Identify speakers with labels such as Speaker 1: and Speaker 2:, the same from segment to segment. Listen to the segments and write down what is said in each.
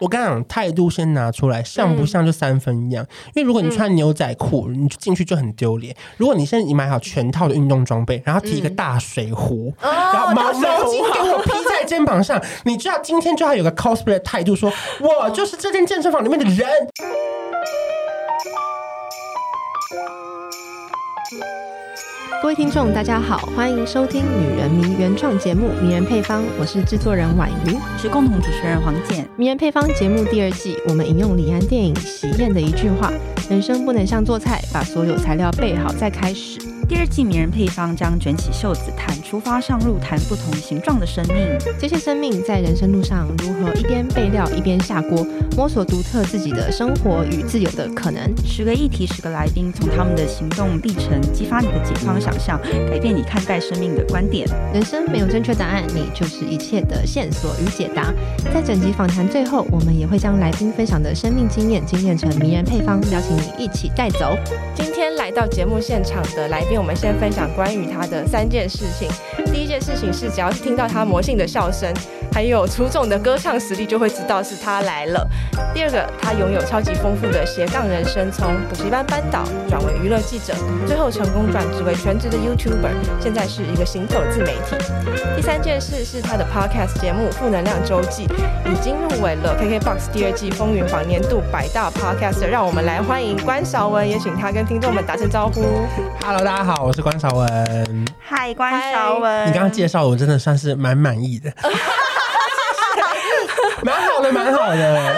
Speaker 1: 我剛，剛講態度先拿出來，像不像就三分一樣？嗯、因為如果你穿牛仔褲，嗯，你進去就很丟臉。如果你現在你買好全套的運動裝備，然後提一個大水壺，嗯、然後毛、哦、毛、毛巾給我披在肩膀上， 你知道今天就要有個 cosplay 的態度說，說我就是這間健身房裡面的人。哦嗯各
Speaker 2: 位聽眾，大家好，歡迎收聽《女人迷》原創節目《迷人配方》，我是製作人婉瑜，是共同主持人黃健。《迷人配方》節目第二季，我們引用李安電影《喜宴》的一句話：“人生不能像做菜，把所有材料備好再開始。”
Speaker 3: 第二季《迷人配方》將卷起袖子談，出發上路
Speaker 2: 談不同形狀的生命。這些生命在人生路上如何一邊備料一邊下
Speaker 3: 鍋，摸索獨特自己的生活與自由的可能。十個議題，十個來賓，從他們的行動歷程激發你的解方想象，改變你看待生命的觀點。人
Speaker 2: 生沒有正確答案，你就是一切的線索與解答。在整集訪談最後，我們也會將來賓分享的生命經驗精煉成迷人配方，邀請你一起帶走。今天來到節目現場的來賓。我們先分享關於他的三件事情。第一件事情是，只要是聽到他魔性的笑聲，還有出眾的歌唱實力，就會知道是他來了。第二個，他擁有超級豐富的斜槓人生，從補習班班導轉為娛樂記者，最後成功轉職為全職的 YouTuber，現在是一個行走自媒體。第三件事是他的 Podcast 節目《負能量周記》已經入圍了 KKBOX 第二季風雲榜年度百大 Podcaster，讓我們來歡迎關韶文，也請他跟聽眾們打聲招呼。
Speaker 1: Hello，大家。好，我是關韶文。
Speaker 2: 嗨，關韶文，Hi，你剛剛
Speaker 1: 介紹我真的算是蠻滿意的，蠻 好的，蠻好的。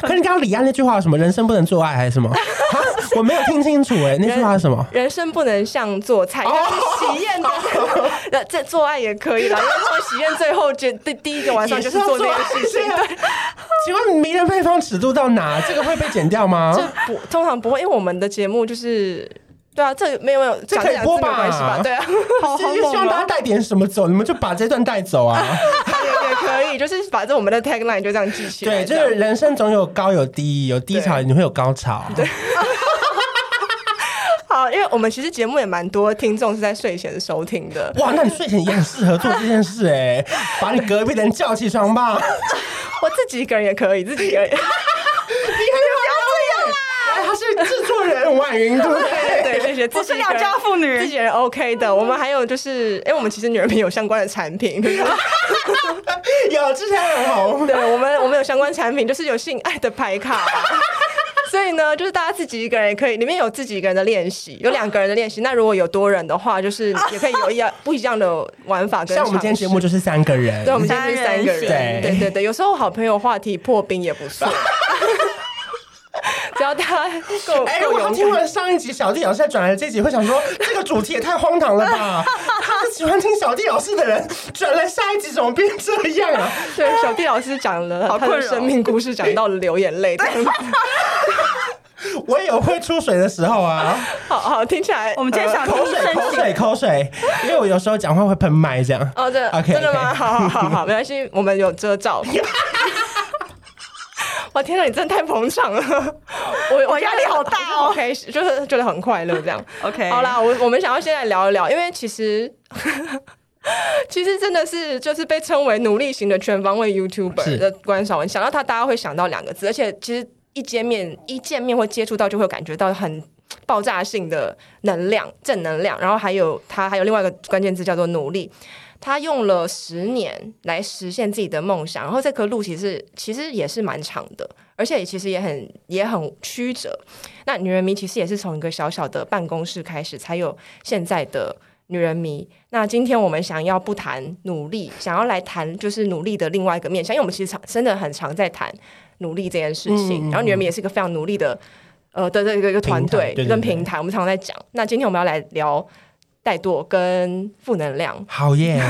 Speaker 1: 可是你剛剛李安那句話有什麼？人生不能做愛還是什麼？ 我沒有聽清楚哎，欸，那句話是什麼人？
Speaker 2: 人生不能像做菜，但是喜宴的那，oh, 這做愛也可以了， 因為做喜宴最後就第第一個晚上就是做那件事情。請
Speaker 1: 問 迷人配方尺度到哪？這個會被剪掉嗎？這
Speaker 2: 不通常不會，因為我們的節目就是。對啊，這沒有，這，有這可以播沒關係是吧？對啊，就好，好希望大家帶點
Speaker 1: 什麼走，你們就把這段帶走啊，
Speaker 2: 也、 啊、也可以，就是反正我們的 tagline 就這樣記起來樣。對，就是
Speaker 1: 人生總有高有低，有低潮你會有高潮。
Speaker 2: 對，對 好，因為我們其實節目也蠻多聽眾是在睡前收聽的。哇，那
Speaker 1: 你睡前也很適合做這件事哎， 把你隔壁人叫起床吧。 我自己一個人也可以，自己也可以。 你還要這樣啊？他 是制作蛛人婉云，對 不
Speaker 3: 對？ 是教婦女，自己人
Speaker 2: OK 的我。我們還有就是，哎、欸，我們其實女人迷有相關的產品， 有之前很紅，對，我們我們有相關產品，就是有性愛的牌卡。 所以呢，就是大家自己一個人也可以，裡面有自己一個人的練習，有兩個人的練習。那如果有多人的話，就是也可以有一樣不一樣的玩法、跟法。像我們今天節目就是三個人，對，我們今天就是三個人，對，對對對。有時候好朋友話題破冰也不錯。
Speaker 1: 只要他夠。哎、欸，我要聽完上一集小弟老師轉來的這一集，會想說 這個主題也太荒唐了吧！ 他喜歡聽小弟老師的人轉來下一集怎麼變這樣啊？ 對，小弟老師講了他的生命故
Speaker 2: 事，講到了流眼淚。
Speaker 1: 我也有會出水的時候啊。 好好聽起來、嗯，我們今天想水口水、口水、口水， 因為我有時候講話會噴麥這樣。哦，真的？真的嗎？好好
Speaker 2: 好，好 沒關係，我們有遮罩。Yeah. 我、哦、天哪，你真的太捧場了！ 我我壓力好大，哦。O、OK, K，就是覺得很快樂這樣。 o、okay. K，好啦，我我們想要先來聊一聊，因為其實呵呵其實真的是就是被稱為努力型的全方位 YouTuber 的關韶文，想到他大家會想到兩個字，而且其實一見面一見面會接觸到就會感覺到很爆炸性的能量、正能量，然後還有他還有另外一個關鍵字叫做努力。他用了十年來實現自己的夢想，然後這顆路其實其實也是蠻長的，而且其實也很也很曲折。那女人迷其實也是從一個小小的辦公室開始，才有現在的女人迷。那今天我們想要不談努力，想要來談就是努力的另外一個面向，因為我們其實常真的很常在談努力這件事情，嗯。然後女人迷也是一個非常努力的，呃的的一個一個團隊跟平台，我們常常在講。那今天我們要來聊。怠惰跟負能量，好耶！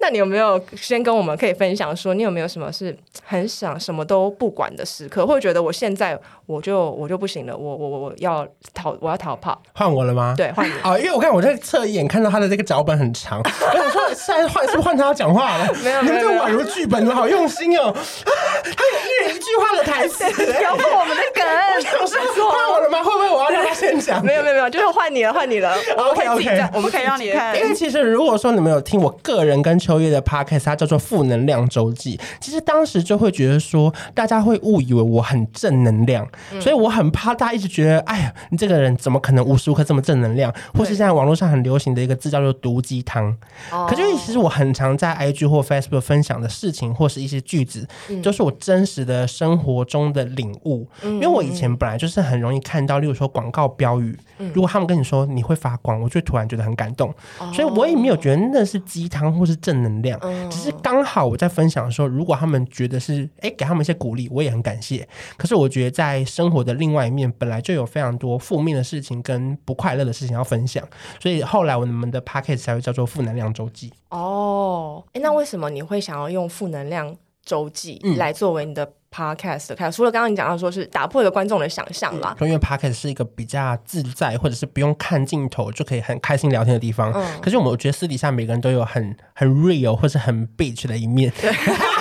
Speaker 2: 那你有沒有先跟我們可以分享說，你有沒有什麼是很想什麼都不管的時刻，或者覺得我現在我就我就不行了，我我我
Speaker 1: 要逃，我要逃跑，換我了嗎？對，換我啊！因為我看我在側眼看到他的這個腳本很長， 是我說現在換是不是換他講話了？ 沒有，你們這宛如劇本，你們好用心哦、喔。 一句話的台詞，打 破我們的梗，我是不是錯，換我了嗎？ 會不會我要讓他先講？沒 有
Speaker 2: 沒有沒有，就是換你了，換你了。 OK OK，我們可以讓你看。因為其實
Speaker 1: 如果說你們有聽我個人跟秋月的 Podcast，它叫做《負能量周記》，其實當時就會覺得說，大家會誤以為我很正能量，所以我很怕大家一直覺得，哎呀，你這個人怎麼可能無時無刻這麼正能量？或是現在網絡上很流行的一個字叫做“毒雞湯”。可就是其實我很常在 IG 或 Facebook 分享的事情或是一些句子，就是我真實的。生活中的領悟，因為我以前本來就是很容易看到，嗯嗯嗯例如說廣告標語、嗯，如果他們跟你說你會發光，我就會突然覺得很感動、哦，所以我也沒有覺得那是雞湯或是正能量，嗯、只是剛好我在分享的時候，如果他們覺得是哎、欸、給他們一些鼓勵，我也很感謝。可是我覺得在生活的另外一面，本來就有非常多負面的事情跟不快樂的事情要分享，所以後來我們的 podcast 才會叫做“負能量周記”。
Speaker 2: 哦，哎、欸，那為什麼你會想要用“負能量周記”來作為你的？Podcast 開，除了剛剛你講到說是打破一個觀眾的想象了，
Speaker 1: 對，因為 Podcast 是一個比較自在，或者是不用看鏡頭就可以很開心聊天的地方。嗯，可是我們覺得私底下每個人都有很很 real 或者很 bitch 的一面。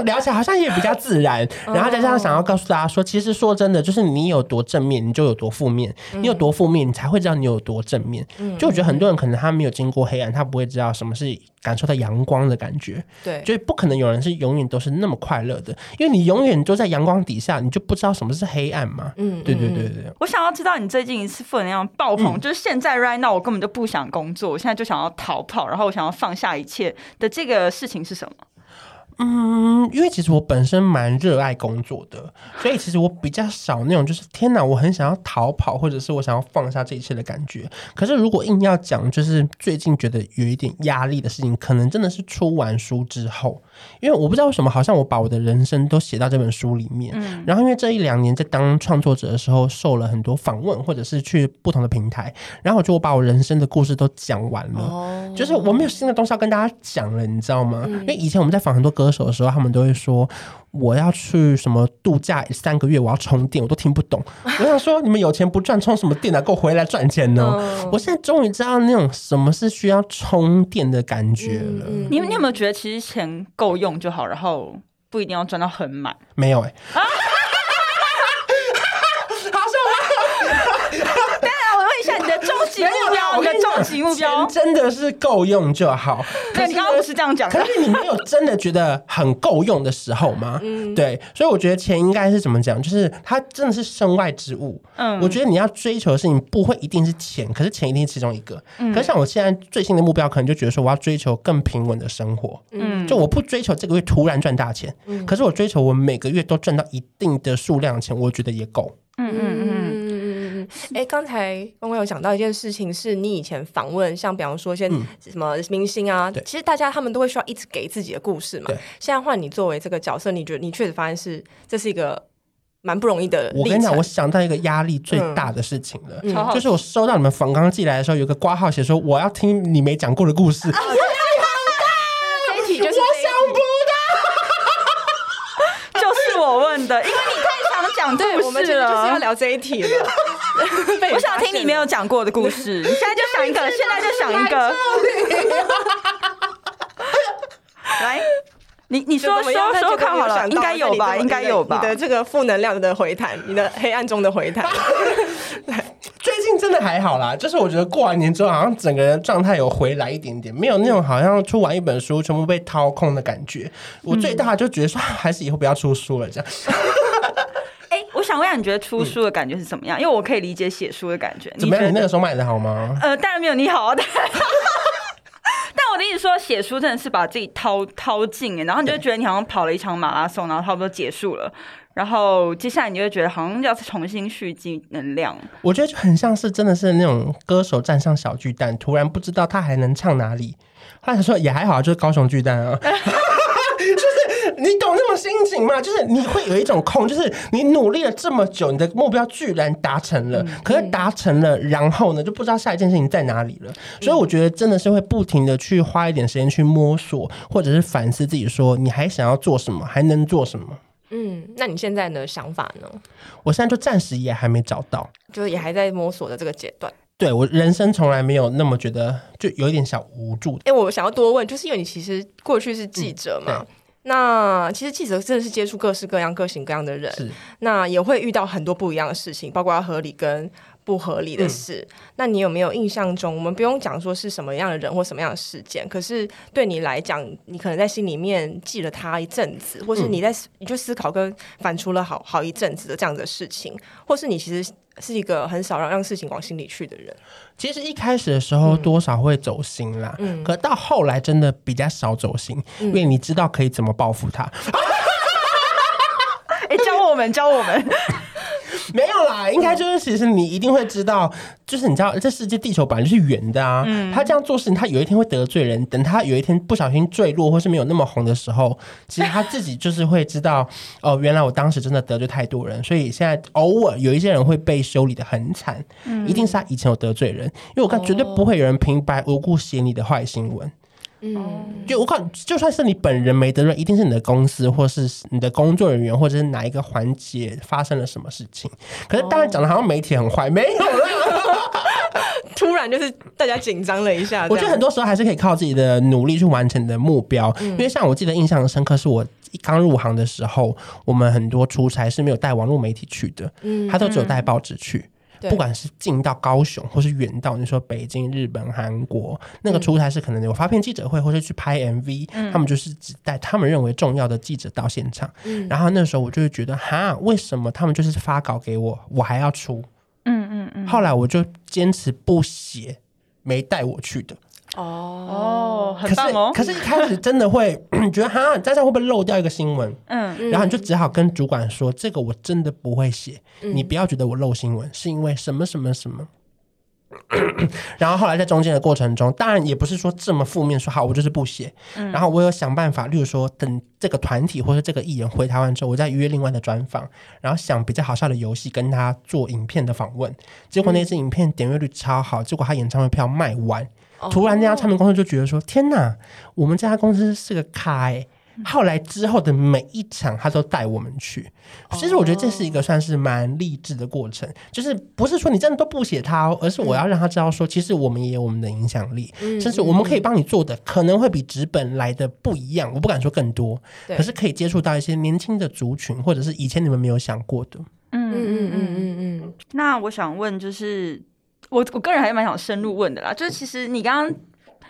Speaker 1: 聊起來好像也比較自然，然後再加上想要告訴大家說，其實說真的，就是你有多正面，你就有多負面、嗯；你有多負面，你才會知道你有多正面、嗯。就我覺得很多人可能他沒有經過黑暗，他不會知道什麼是感受到陽光的感覺。對、嗯，所以不可能有人是永遠都是那麼快樂的，因為你永遠都在陽光底下，你就不知道什麼是黑暗嘛。嗯，對對對對。
Speaker 3: 我想要知道你最近一次負能量爆棚、嗯，就是現在 right now，我根本就不想工作，我現在就想要逃跑，然後我想要放下一切的這個事情是什麼？
Speaker 1: 嗯，因為其實我本身蠻熱愛工作的，所以其實我比較少那種就是天哪，我很想要逃跑，或者是我想要放下這一切的感覺。可是如果硬要講，就是最近覺得有一點壓力的事情，可能真的是出完書之後，因為我不知道為什麼，好像我把我的人生都寫到這本書裡面。嗯。然後因為這一兩年在當創作者的時候，受了很多訪問，或者是去不同的平台，然後我就我把我人生的故事都講完了。哦，就是我沒有新的東西要跟大家講了，你知道嗎？嗯。因為以前我們在訪很多歌。歌手的時候，他們都會說我要去什麼度假三個月，我要充電，我都聽不懂。 我想說，你們有錢不賺，充什麼電啊？夠回來賺錢呢？No. 我現在終於知道那種什麼是需要充電的感覺
Speaker 3: 了。嗯、你你有沒有覺得，其實錢夠用就好，然後不一定要賺到很滿？沒有、欸 嗯，錢
Speaker 1: 真的是夠用就好。對，可是你剛剛不是這樣講？可是你沒有真的覺得很夠用的時候嗎？嗯，對。所以我覺得錢應該是怎麼講？就是它真的是身外之物。嗯，我覺得你要追求的事情不會一定是錢，可是錢一定是其中一個。嗯，可是像我現在最新的目標，可能就覺得說我要追求更平穩的生活。嗯，就我不追求這個月突然賺大錢。嗯，可是我追求我每個月都賺到一定的數量的錢，我覺得也夠。嗯嗯嗯。嗯
Speaker 2: 哎，剛才剛剛有講到一件事情，是你以前訪問，像比方說一些什麼明星啊，嗯、對，其實大家他們都會需要一直給自己的故事嘛。對，現在換你作為這個角色，你覺得你確實發現是這是一個蠻不容易的。
Speaker 1: 我跟你講，我想到一個壓力最大的事情了，嗯嗯、就是我收到你們訪綱寄來的時候，有個括號寫說我要聽你沒講過的故事，這一
Speaker 3: 題就是我想就是我問的，因為你太想講故事了，對我們就是要聊這一題了。 我想聽你沒有講過的故事，你現在就想一個，現在就想一個。
Speaker 2: 來，你你說說說，看好了，應該有吧，應該有吧。你的這個負能量的回彈，你的黑暗中的回彈。
Speaker 1: 最近真的還好啦，就是我覺得過完年之後，好像整個人狀態有回來一點點，沒有那種好像出完一本書全部被掏空的感覺。我最大就覺得說，還是以後不要出書了，這 了，這樣。
Speaker 3: 我想你覺得出書的感覺是怎麼樣？嗯、因為我可以理解寫書的感覺。怎麼樣？你覺，你那個
Speaker 1: 時候買的好嗎？呃，當
Speaker 3: 然沒有你好，但， 但我的意思說，寫書真的是把自己掏掏盡，然後你就覺得你好像跑了一場馬拉松，然後差不多結束了，然後接下來你就覺得好像要重新蓄積能量。
Speaker 1: 我覺得就很像是真的是那種歌手站上小巨蛋，突然不知道他還能唱哪裡。或者說也還好，就是高雄巨蛋啊。 你懂那種心情嗎？就是你會有一種空，就是你努力了這麼久，你的目標居然達成了，嗯、可是達成了，然後呢，就不知道下一件事情在哪裡了。嗯、所以我覺得真的是會不停的去花一點時間去摸索，或者是反思自己，說你還想要做什麼，還能做什麼？
Speaker 2: 嗯，那你現在的想法呢？
Speaker 1: 我現在就暫時也還沒找到，
Speaker 2: 就是也還在摸索的這個階段。
Speaker 1: 對，我人生從來沒有那麼覺得，就有一點小無助。
Speaker 2: 哎、欸，我想要多問，就是因為你其實過去是記者嘛。嗯那其實記者真的是接觸各式各樣、各型各樣的人，那也會遇到很多不一樣的事情，包括要合理跟不合理的事、嗯，那你有沒有印象中？我們不用講說是什麼樣的人或什麼樣的事件，可是對你來講，你可能在心裡面記了他一陣子，或是你在、嗯、你就思考跟反出芻了好好一陣子的這樣子的事情，或是你其實是一個很少讓讓事情往心裡去的人。其實一開始的時
Speaker 1: 候多少會走心啦，嗯、可到後來真的比較少走心，嗯、因為你知道可以怎麼報復他。哎、 欸，教我們，教我們。 沒有啦，應該就是其實你一定會知道，哦、就是你知道這世界地球本來就是圓的啊、嗯。他這樣做事情，他有一天會得罪人。等他有一天不小心墜落，或是沒有那麼紅的時候，其實他自己就是會知道 哦，原來我當時真的得罪太多人，所以現在偶爾有一些人會被修理得很慘、嗯。一定是他以前有得罪人，因為我看、哦、絕對不會有人平白無故寫你的壞新聞。嗯、就我看，就算是你本人沒得罪，一定是你的公司，或是你的工作人員，或者是，是哪一個環節發生了什麼事情。可是當然講的，好像媒體很壞、哦，沒有。 突然就是大
Speaker 2: 家緊張了一下。我覺得很
Speaker 1: 多時候還是可以靠自己的努力去完成的目標。嗯、因為像我記得印象深刻是我剛入行的時候，我們很多出差是沒有帶網絡媒體去的，他都只有帶報紙去。嗯嗯不管是近到高雄，或是遠到你說北京、日本、韓國，那個出差是可能有發片記者會，或是去拍 MV，、嗯、他們就是只帶他們認為重要的記者到現場。嗯、然後那時候我就會覺得，哈，為什麼他們就是發稿給我，我還要出？嗯嗯嗯。後來我就堅持不寫，沒帶我去的。
Speaker 3: Oh, 可很棒哦，可是可
Speaker 1: 是一開始真的會 覺得，哈，在這會不會漏掉一個新聞？嗯，然後你就只好跟主管說：“嗯、這個我真的不會寫、嗯，你不要覺得我漏新聞，是因為什麼什麼什麼。” 然後後來在中間的過程中，當然也不是說這麼負面，說好我就是不寫、嗯。然後我有想辦法，例如說等這個團體或者這個藝人回台灣之後，我再約另外的專訪，然後想比較好笑的遊戲跟他做影片的訪問。結果那支影片點閱率超好、嗯，結果他演唱會票賣完。突然，那家唱片公司就覺得說：“ oh, 天哪，我們這家公司是個咖、欸。’後來之後的每一場，他都帶我們去。其實，我覺得這是一個算是蠻勵志的過程。Oh. 就是不是說你真的都不寫他、哦，而是我要讓他知道說，其實我們也有我們的影響力、嗯，甚至我們可以幫你做的可能會比紙本來的不一樣。我不敢說更多，可是可以接觸到一些年輕的族群，或者是以前你們沒有想過的。嗯嗯
Speaker 3: 嗯嗯嗯嗯。那我想問，就是。我我個人還是蠻想深入問的啦，就是其實你剛剛，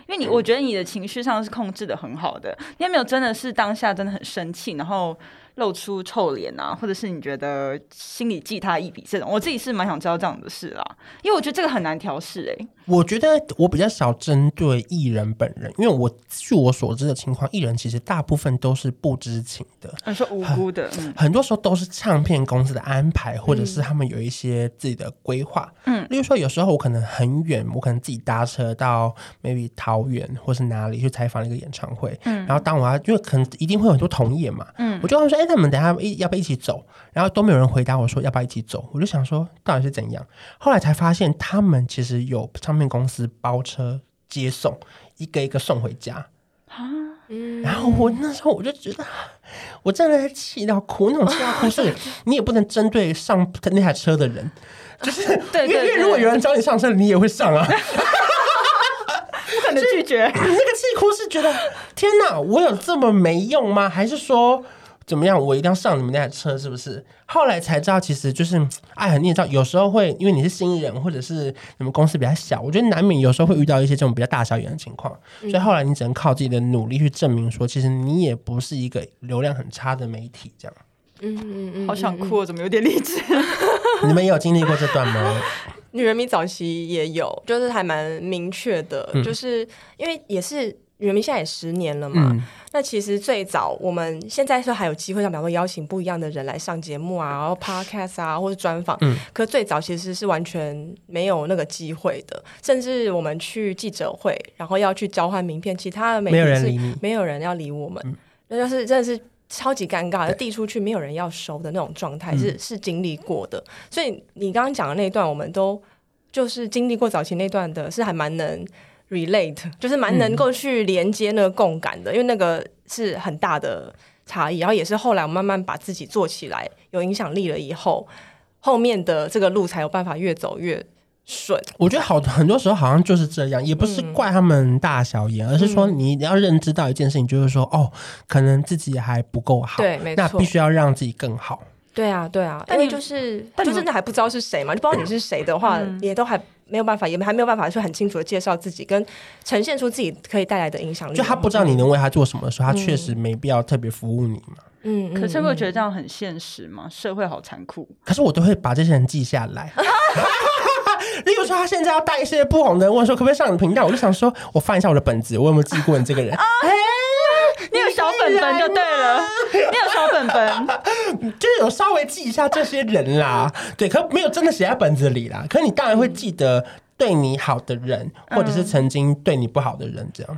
Speaker 3: 因為你，我覺得你的情緒上是控制的很好的，你有沒有真的是當下真的很生氣，然後。露出臭臉啊，或者是你覺得心裡記他一筆這種，我自己是蠻想知道這樣的事啦，因為我覺得這個很難調試哎、
Speaker 1: 欸。我覺得我比較少針對藝人本人，因為我據我所知的情況，藝人其實大部分都是不知情的，
Speaker 3: 是無辜的、嗯，
Speaker 1: 很多時候都是唱片公司的安排，或者是他們有一些自己的規劃。嗯，例如說有時候我可能很遠，我可能自己搭車到 maybe 桃園或是哪裡去採訪一個演唱會，嗯，然後當我啊，因為可能一定會有很多同業嘛，嗯，我就要說哎。他們等一下一要不要一起走？然後都沒有人回答我說要不要一起走。我就想說到底是怎樣？後來才發現他們其實有唱片公司包車接送，一個一個送回家啊、嗯。然後我那時候我就覺得，我真的氣到哭，那種氣到哭是，你也不能針對上那台車的人，就是因為，對對對，因為如果有人找你上車，你也會上啊，不 可能拒絕。 那個氣哭是覺得天哪，我有這麼沒用嗎？還是說？怎麼樣？我一定要上你們那台車，是不是？後來才知道，其實就是哎呀，你也知道有時候會因為你是新人，或者是你們公司比較小，我覺得難免有時候會遇到一些這種比較大小眼的情況、嗯。所以後來你只能靠自己的努力去證明說，說其實你也不是一個流量很差的媒體，這樣。嗯
Speaker 3: 嗯嗯，好想哭，怎麼有點勵志？
Speaker 1: 你們也有經歷過這段嗎？
Speaker 2: 女人迷早期也有，就是還蠻明確的、嗯，就是因為也是。原名現在也十年了嘛、嗯？那其實最早我們現在是還有機會，像比方說邀請不一樣的人來上節目啊，然後 Podcast 啊，或者專訪、嗯。可最早其實是完全沒有那個機會的。甚至我們去記者會，然後要去交換名片，其他的沒人是沒有人要理我們理你。那就是真的是超級尷尬的，要遞出去沒有人要收的那種狀態是，是、嗯、是經歷過的。所以你剛剛講的那一段，我們都就是經歷過早期那段的，是還蠻能。Relate 就是蠻能夠去連接那個共感的，嗯、因為那個是很大的差異。然後也是後來我慢慢把自己做起來有影響力了以後，後面的這個路才有辦法越走越順。
Speaker 1: 我覺得好很多時候好像就是這樣，也不是怪他們大小眼，嗯，而是說你要認知到一件事情，就是說、嗯、哦，可能自己還不夠好，對，沒錯，那必須要讓自己更好。
Speaker 2: 對啊，對啊，嗯、因為就是、嗯，但就是那還不知道是誰嘛、嗯，就不知道你是誰的話、嗯，也都還。沒有辦法，也還沒有辦法去很清楚的介紹自
Speaker 3: 己，跟呈現出自己可以帶來的影響力。就他不知道你能為
Speaker 1: 他做什麼的時候，他確實沒必要特別服務你嘛。
Speaker 3: 嗯，嗯，可是會覺得這樣很現實嗎？社會好殘酷。
Speaker 1: 可是我都會把這些人記下來。 例如說，他現在要帶一些不好的人，我說可不可以上你的頻道？我就想說，我翻一下我的本子，我有沒有記過你這個人？ 啊嘿本本就對了，你有什麼本本？ 就有稍微記一下這些人啦， 對，可沒有真的寫在本子裡啦。可你當然會記得對你好的人，或者是曾經對你不好的人，這樣。嗯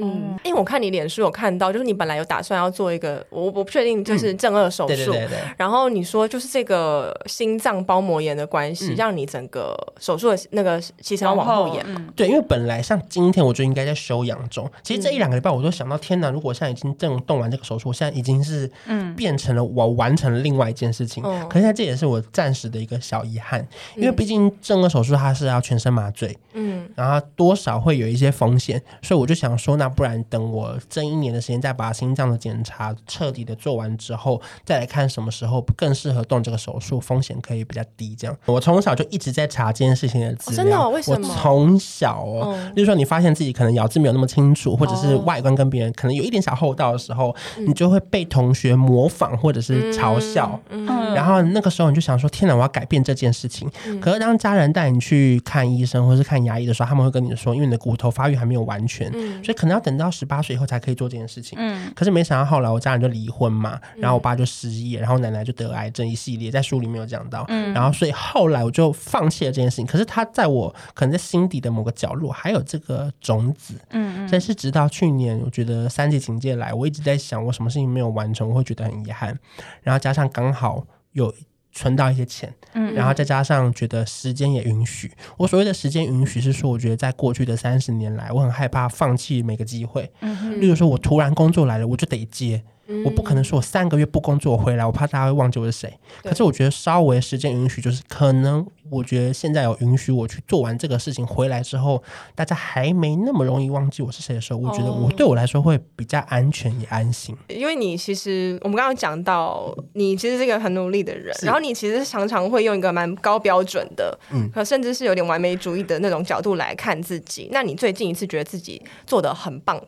Speaker 2: 嗯，因為我看你臉書有看到，就是你本來有打算要做一個，我我不確定就是正顎手術、嗯。對對對，對。然後你說就是這個心臟包膜炎的關係、嗯，讓你整個手術的那個期間往後延嘛、嗯？
Speaker 1: 對，因為本來像今天我就應該在休養中。其實這一兩個禮拜我都想到，天哪！如果現在已經正動完這個手術，我現在已經是變成了、嗯、我完成了另外一件事情，嗯、可是現在這也是我暫時的一個小遺憾，因為畢竟正顎手術它是要全身麻醉。嗯，然後多少會有一些風險，所以我就想說，那不然等我這一年的時間，再把心臟的檢查徹底的做完之後，再來看什麼時候更適合動這個手術，風險可以比較低。這樣，我從小就一直在查這件事情的資料，哦、真的、哦？為什麼？我從小，哦，例如說你發現自己可能咬字沒有那麼清楚，或者是外觀跟別人可能有一點小厚道的時候，哦、你就會被同學模仿或者是嘲笑，嗯，嗯，然後那個時候你就想說，天哪，我要改變這件事情、嗯。可是當家人帶你去看醫生，或是看。牙醫的時候，他們會跟你說，因為你的骨頭發育還沒有完全，嗯、所以可能要等到十八歲以後才可以做這件事情。嗯，可是沒想到後來我家人就離婚嘛、嗯，然後我爸就失業，然後奶奶就得癌症，一系列在書裡面沒有講到。嗯，然後所以後來我就放棄了這件事情。可是他在我可能在心底的某個角落還有這個種子。嗯，但是直到去年，我覺得三級警戒來，我一直在想我什麼事情沒有完成，我會覺得很遺憾。然後加上剛好有。存到一些錢，嗯，然後再加上覺得時間也允許。嗯嗯。我所謂的時間允許是說，我覺得在過去的三十年來，我很害怕放棄每個機會。嗯，例如說，我突然工作來了，我就得接，嗯、我不可能說我三個月不工作回來，我怕大家會忘記我是誰。可是我覺得稍微時間允許，就是可能。我覺得現在有允許我去做完這個事情回來之後，大家還沒那麼容易忘記我是誰的時候，我覺得我對我來說會比較安全也安心。
Speaker 2: 因為你其實我們剛剛講到，你其實是一個很努力的人，然後你其實常常會用一個蠻高標準的，嗯，可甚至是有點完美主義的那種角度來看自己。那你最近一次覺得自己做得很棒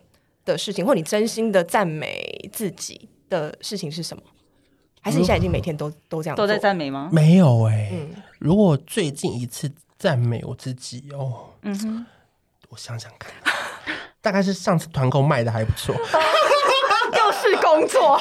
Speaker 2: 的事情，或你真心的讚美自己的事情是什麼？還是你現在已經每天都、嗯、都這樣，都在讚美嗎？
Speaker 1: 沒有哎、欸嗯，如果最近一次讚美我自己哦，嗯，我想想看， 大概是上次團購賣的還不錯。
Speaker 2: 工 作、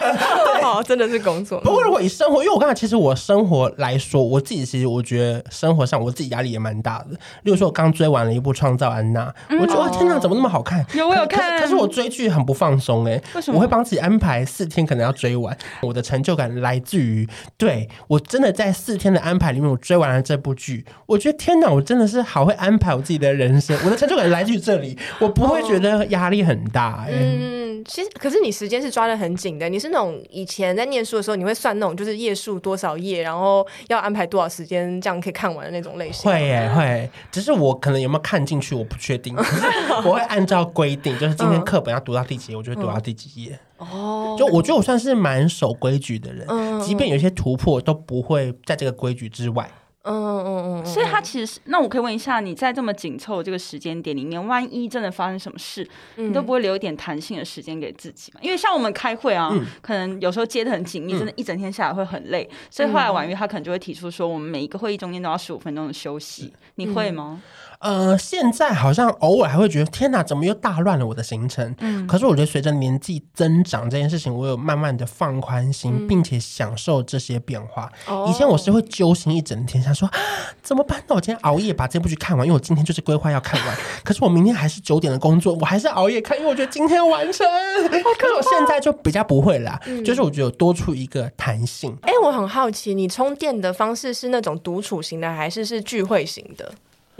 Speaker 2: 哦、真的是工作。
Speaker 1: 不過如果以生活，因為我剛才其實我生活來說，我自己其實我覺得生活上我自己壓力也蠻大的。例如說，我剛追完了一部《創造安娜》，嗯、我覺得、哦、天哪，怎麼那麼好看？有，我有看。但是，可是我追劇很不放鬆哎、欸，為什麼？我會幫自己安排四天，可能要追完。我的成就感來自於，對，我真的在四天的安排裡面，我追完了這部劇，我覺得天哪，我真的是好會安排我自己的人生。 我的成就感來自於這裡，我不會覺得壓力很大、欸。嗯，其實
Speaker 2: 可是你時間是抓得很。緊的，你是那種以前在念書的時候，你會算那種就是頁數多少頁，然後要安排多少時間，這樣可以看完的那種類型。對，會耶，
Speaker 1: 會耶。只是我可能有沒有看進去，我不確定。 我會按照規定，就是今天課本要讀到第幾頁，嗯、我就會讀到第幾頁。哦、嗯，就我覺得我算是蠻守規矩的人，嗯、即便有些突破，都不會在這個規矩之外。
Speaker 3: 嗯嗯嗯，所以他其實是，那我可以問一下，你在這麼緊湊的這個時間點裡面，萬一真的發生什麼事，你都不會留一點彈性的時間給自己嘛、嗯？因為像我們開會啊，嗯、可能有時候接得很緊密，嗯、真的，一整天下來會很累。嗯、所以後來婉瑜她可能就會提出說，我們每一個會議中間都要十五分鐘的休息，嗯、你會嗎？嗯嗯
Speaker 1: 呃，現在好像偶爾還會覺得天哪，怎麼又大亂了我的行程？嗯，可是我覺得隨着年紀增長，這件事情我有慢慢的放寬心，嗯，並且享受這些變化，哦。以前我是會揪心一整天，想說、啊，怎麼辦？那我今天熬夜把這部劇看完，因為我今天就是規劃要看完。 可是我明天還是九點的工作，我還是熬夜看，因為我覺得今天完成。可，可是我現在就比較不會啦，嗯，就是我覺得有多出一個彈性。
Speaker 2: 哎、欸，我很好奇，你充電的方式是那種獨處型的，還是是聚會型的？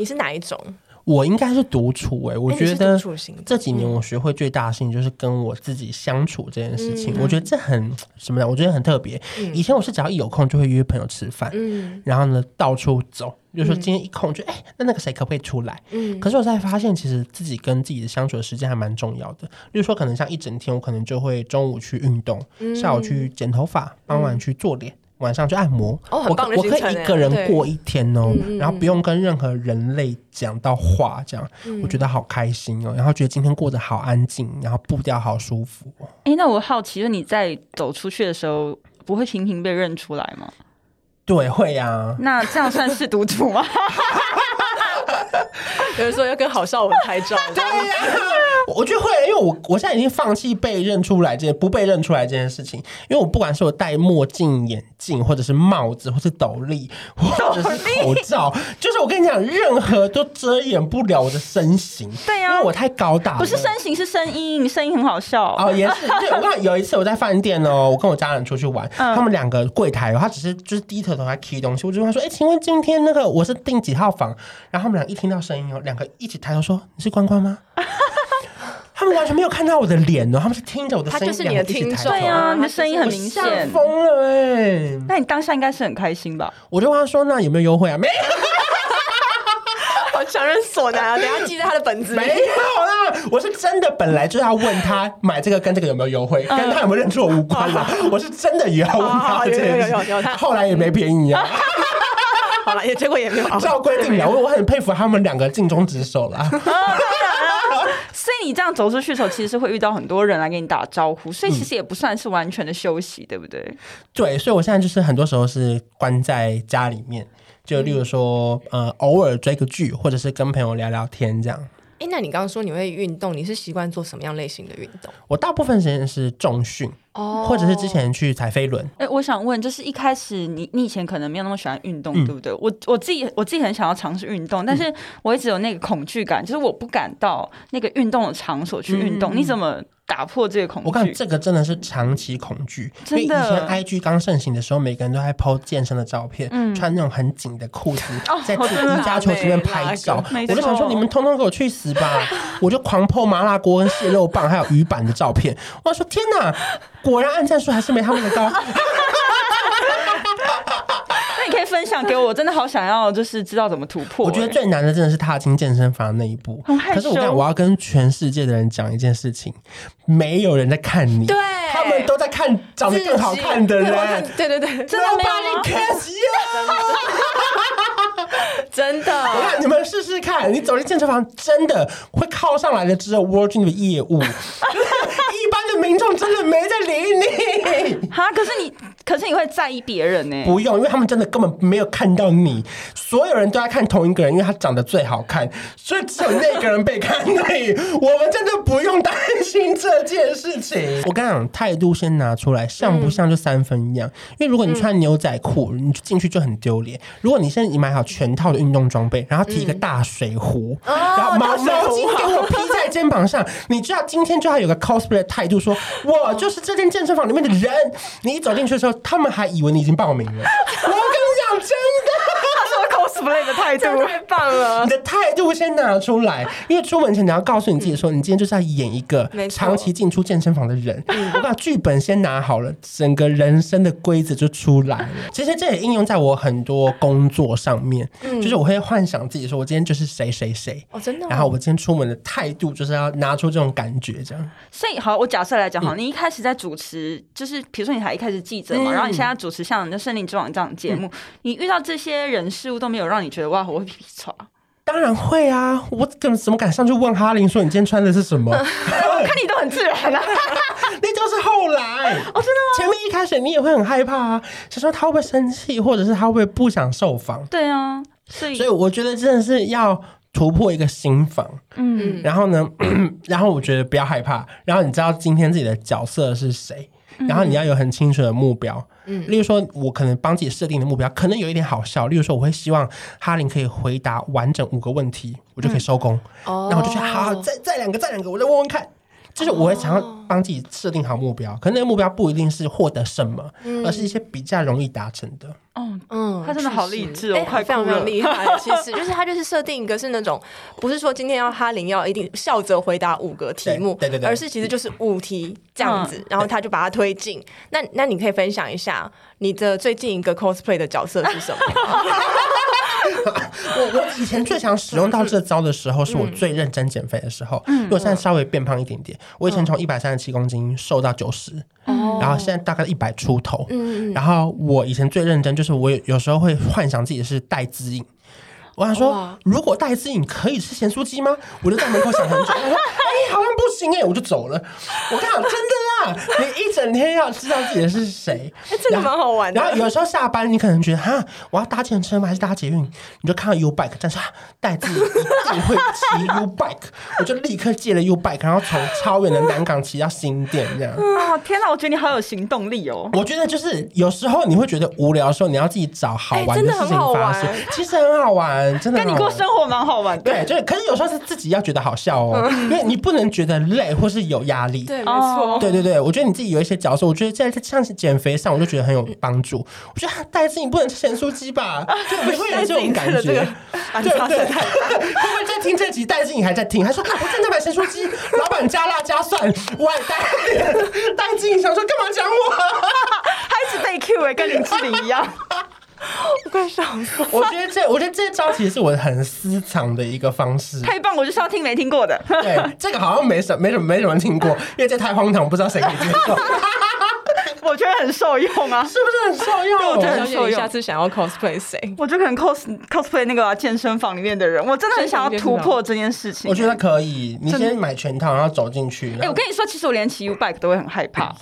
Speaker 2: 你是哪一種？
Speaker 1: 我應該是獨處，誒、欸欸，我覺得這幾年我學會最大的事情就是跟我自己相處這件事情，嗯、我覺得這很什麼呢？我覺得很特別、嗯。以前我是只要一有空就會約朋友吃飯、嗯，然後呢到處走，就是、說今天一空就哎、嗯欸，那那個誰可不可以出來？嗯、可是我才發現，其實自己跟自己的相處的時間還蠻重要的。比如說，可能像一整天，我可能就會中午去運動、嗯，下午去剪頭髮，傍晚去做臉。嗯晚上就按摩，哦，我可以一個人過一天哦，喔，然後不用跟任何人類講到話，這樣，嗯，我覺得好開心哦，喔，然後覺得今天過得好安靜，然後步調好舒服。
Speaker 3: 哎，欸，那我好奇，就你在走出去的時候，不會頻頻被認出來嗎？
Speaker 1: 對，會呀，啊。
Speaker 3: 那這樣算是獨處嗎？ 有人說要跟郝劭文拍照，
Speaker 1: 對呀，我覺得會，因為我我現在已經放棄被認出來這些不被認出來這件事情，因為我不管是我戴墨鏡、眼鏡，或者是帽子，或者是斗笠，或者是口罩，就是我跟你講，任何都遮掩不了我的身形，對呀，因為我太高大，啊、不是身
Speaker 3: 形是聲音，你聲音很好笑哦，哦，也是，對，我跟有
Speaker 1: 一次我在飯店哦、喔，我跟我家人出去玩， 他們兩個櫃檯、喔，他只是就是低頭在 K 東西，我就跟他說，哎，請問今天那個我是訂幾號房？然後他們倆一。聽到聲音哦，兩個一起抬頭說：“你是關關嗎？” 他們完全沒有看到我的臉哦、喔，他們是聽着我的聲音。他就是你的聽眾啊，你的聲音很明顯。瘋了哎、欸！那你當下應該是很開心吧？我就問他說：“那有沒有優惠啊？”沒
Speaker 3: 有。好強人所難啊，等下記在他的本子。
Speaker 2: 沒有啦，
Speaker 1: 我是真的本來就是要問他買這個跟這個有沒有優惠、嗯，跟他有沒有認出我無關了。我是真的也要問他這件事，有有有有有有，他後來也沒便宜啊。嗯
Speaker 3: 也結果也沒有。照規定。我、哦、我
Speaker 1: 很佩服他們兩個盡忠職守啦，
Speaker 3: 所以你這樣走出去的時候，其實是會遇到很多人來給你打招呼，所以其實也不算是完全的休息、嗯，對不對？
Speaker 1: 對，所以我現在就是很多時候是關在家裡面，就例如說、嗯、呃，偶爾追個劇，或者是跟朋友聊聊天這樣。
Speaker 3: 哎，那你剛剛說你會運動，你是習慣做什麼樣類型的運動？
Speaker 1: 我大部分時間是重訓。哦、oh，或者是之前去踩飛輪。
Speaker 3: 哎、欸，我想問，就是一開始你，你以前可能沒有那麼喜歡運動、嗯，對不對？我我自己我自己很想要嘗試運動、嗯，但是我一直有那個恐懼感，就是我不敢到那個運動的場所去運動、嗯。你怎麼打破這個恐懼？我看這個
Speaker 1: 真的是長期恐懼，因為以前 I G 剛盛行的時候，每個人都在拋健身的照片，嗯、穿那種很緊的褲子，哦、在瑜伽球前面拍照。哦那個，我就想說，你們通通給我去死吧！ 我就狂拋麻辣鍋、跟蟹肉棒 還有魚板的照片。我說天哪！果然按讚數還是沒他們的高。
Speaker 3: 那你可以分享給我，我真的好想要，就是知道怎麼突破，欸。我覺得最
Speaker 1: 難的真的是踏進健身房那一步。可是我跟你講，我要跟全世界的人講一件事情，沒有人在看你，對。
Speaker 3: 他們都在看
Speaker 1: 長得更好看的人。對
Speaker 2: 對對，對，對，真的沒有、啊。
Speaker 1: 真的，你 看你們試試看，你走進健身房真的會靠上來的只有，World Gym 的業務 一般。民眾真的沒在理你
Speaker 3: 哈，可是你，可是你會在意別人呢？不用，因
Speaker 1: 為他們真的根本沒有看到你，所有人都在看同一個人，因為他長得最好看，所以只有那個人被看。所以我們真的不用擔心這件事情。我跟你講，態度先拿出來，像不像就三分樣。因為如果你穿牛仔褲，你進去就很丟臉；如果你現在你買好全套的運動裝備，然後提一個大水壺、哦，然後毛、毛巾給我披上。肩膀上，你知道今天就要有個 cosplay 的態度，說我就是這間健身房裡面的人。你一走進去的時候，他們還以為你已經報名了。我 跟你講，真的。不累的態度太棒了！你的態度先拿出來， 因為出門前你要告訴你自己說、嗯，你今天就是要演一個長期進出健身房的人。我把劇本先拿好了， 整個人生的規則就出來了。 其實這也應用在我很多工作上面，嗯、就是我會幻想自己說，我今天就是誰誰誰哦，真的、哦。然後我今天出門的態度就是要拿出這種感覺，這樣。
Speaker 3: 所以，好，我假設來講，好、嗯，你一開始在主持，就是比如說你還一開始記者嘛，嗯、然後你現在主持像你的《森林之王》這樣的節目，你遇到這些人事物都沒有。讓你覺得哇，我會皮草？
Speaker 1: 當然會啊！我怎麼敢上去問哈林說，你今天穿的是什麼？
Speaker 3: 我看你都很自然啊，
Speaker 1: 那就是後來哦，真的嗎？前面一開始你也會很害怕啊，想說他會不會生氣，或者是他會不，會不想受訪？
Speaker 3: 對
Speaker 1: 啊，所以所以我覺得真的是要突破一個心防，嗯，然後呢， 然後我覺得不要害怕，然後你知道今天自己的角色是誰，
Speaker 3: 嗯，然後你要
Speaker 1: 有很清楚的目標。嗯，例如說，我可能幫自己設定的目標，可能有一點好笑。例如說，我會希望哈林可以回答完整五個問題，我就可以收工。然後、嗯、我就去，哦、好好，再再兩個，再兩個，我再問問看。就是我會想要幫自己設定好目標，可能那個目標不一定是獲得什麼，而是一些比較容易達成的。
Speaker 3: 哦、oh，嗯，他真的好勵志哦，非常非常厲害。 其實
Speaker 2: 就是他就是設定一個是那種，不是說今天要哈林要一定笑着回答五個題目，對對、對對，而是其實就是五題、嗯、這樣子，然後他就把它推進。嗯、那那你可以分享一下你的最近一個 cosplay 的角色是什麼？
Speaker 1: 我我以前最想使用到這招的時候，是我最認真減肥的時候，嗯，我現在稍微變胖一點點。嗯、我以前從一百三十七公斤瘦到九十、嗯。然後現在大概一百出頭，嗯，然後我以前最認真，就是我有時候會幻想自己是戴資穎，我想說，如果戴資穎可以吃鹹酥雞嗎？我就在門口想很久， 我說，哎、欸，好像不行哎、欸，我就走了。我好真的。 啊、你一整天要知道自己的是誰，真的蠻好玩的然，然後有時候下班，你可能覺得哈，我要搭計程車嗎？還是搭捷運？你就看到 U Bike，但是說、啊、帶自己一定會騎 U Bike， 我就立刻借了 U Bike，然後從超遠的南港騎到新店，這樣。
Speaker 3: 哦、嗯，天哪！我覺得你好有行動力哦。
Speaker 1: 我覺得就是有時候你會覺得無聊的時候，你要自己找好玩，的事情、欸、的發生其實很好玩，真的。跟你過生
Speaker 3: 活蠻好玩，對，就是。
Speaker 1: 可是有時候是自己要覺得好笑哦、嗯，因為你不能覺得累或是有壓力。對，沒錯。對對對，對。對，我覺得你自己有一些角色，我覺得在像是減肥上，我就覺得很有幫助。我覺得戴資穎，你不能吃鹹酥雞吧？啊、就你會有這種感覺，對不對？我、這、正、個啊、在聽這集，戴資穎你還在聽，還說、啊、我正在買鹹酥雞，啊、老闆加辣加蒜，外帶、啊。戴資穎想說幹嘛講我？還是被 cue 哎、欸，跟林志玲一樣。啊啊我快笑死！ 我覺得這，我覺得這招其實是我很私藏的一個方式。
Speaker 3: 太棒！我就是要聽沒聽過的。 對，
Speaker 1: 這個好像沒什麼沒什麼，沒什麼聽過，因為這太荒唐，不知道誰可以接受。 我覺得很受用啊！是不是很受用？我覺得很受用。下
Speaker 2: 次想要 cosplay 誰？
Speaker 3: 我就可能 cos cosplay 那個、啊、健身房裡面的人。我真的很想要突破這件事情。我覺得可以，
Speaker 1: 你先買全套，然後走進去。哎、欸，我跟
Speaker 3: 你說，其實我連騎 U bike 都會很害怕。啊？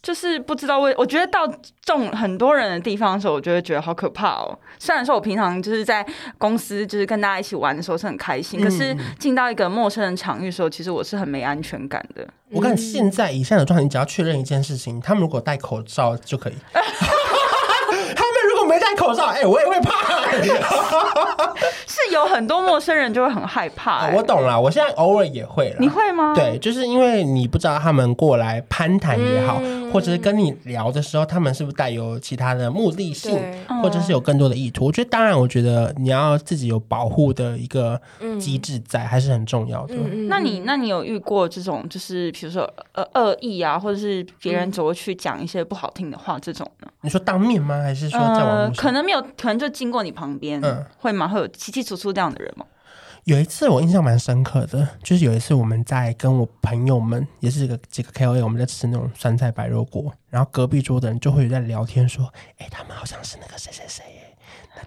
Speaker 3: 就是不知道為，我覺得到這種很多人的地方的時候，我就會覺得好可怕哦。雖然說我平常就是在公司，就是跟大家一起玩的時候是很開心，嗯、可是進到一個陌生人場域的時候，其實我是很沒安全感的。我看現
Speaker 1: 在以上的狀態，你只要確認一件事情：他們如果戴口罩就可以；
Speaker 3: 他們如果沒戴口罩，哎、欸，我也會怕。 有很多陌生人就會很害怕，欸啊。我懂
Speaker 1: 了，我現在偶爾也會了。你
Speaker 3: 會嗎？對，
Speaker 1: 就是因為你不知道他們過來攀談也好，嗯，或者是跟你聊的時候，他們是不是帶有其他的目的性，或者是有更多的意圖？嗯、我覺得，當然，我覺得你要自己有保護的一個機制在，嗯，還是很重要的，
Speaker 3: 嗯。那你，那你有遇過這種，就是比如說呃惡意啊，或者是別人走去講一些不好聽的話這種呢？
Speaker 1: 嗯、你說當面嗎？還是說在網、嗯、
Speaker 3: 可能沒有，可能就經過你旁邊，嗯，會嗎？會有七七組。做這樣的人嗎？
Speaker 1: 有一次我印象蠻深刻的，就是有一次我們在跟我朋友們，也是個幾個 KOL，我們在吃那種酸菜白肉鍋，然後隔壁桌的人就會在聊天說：“哎、欸，他們好像是那個誰誰誰。”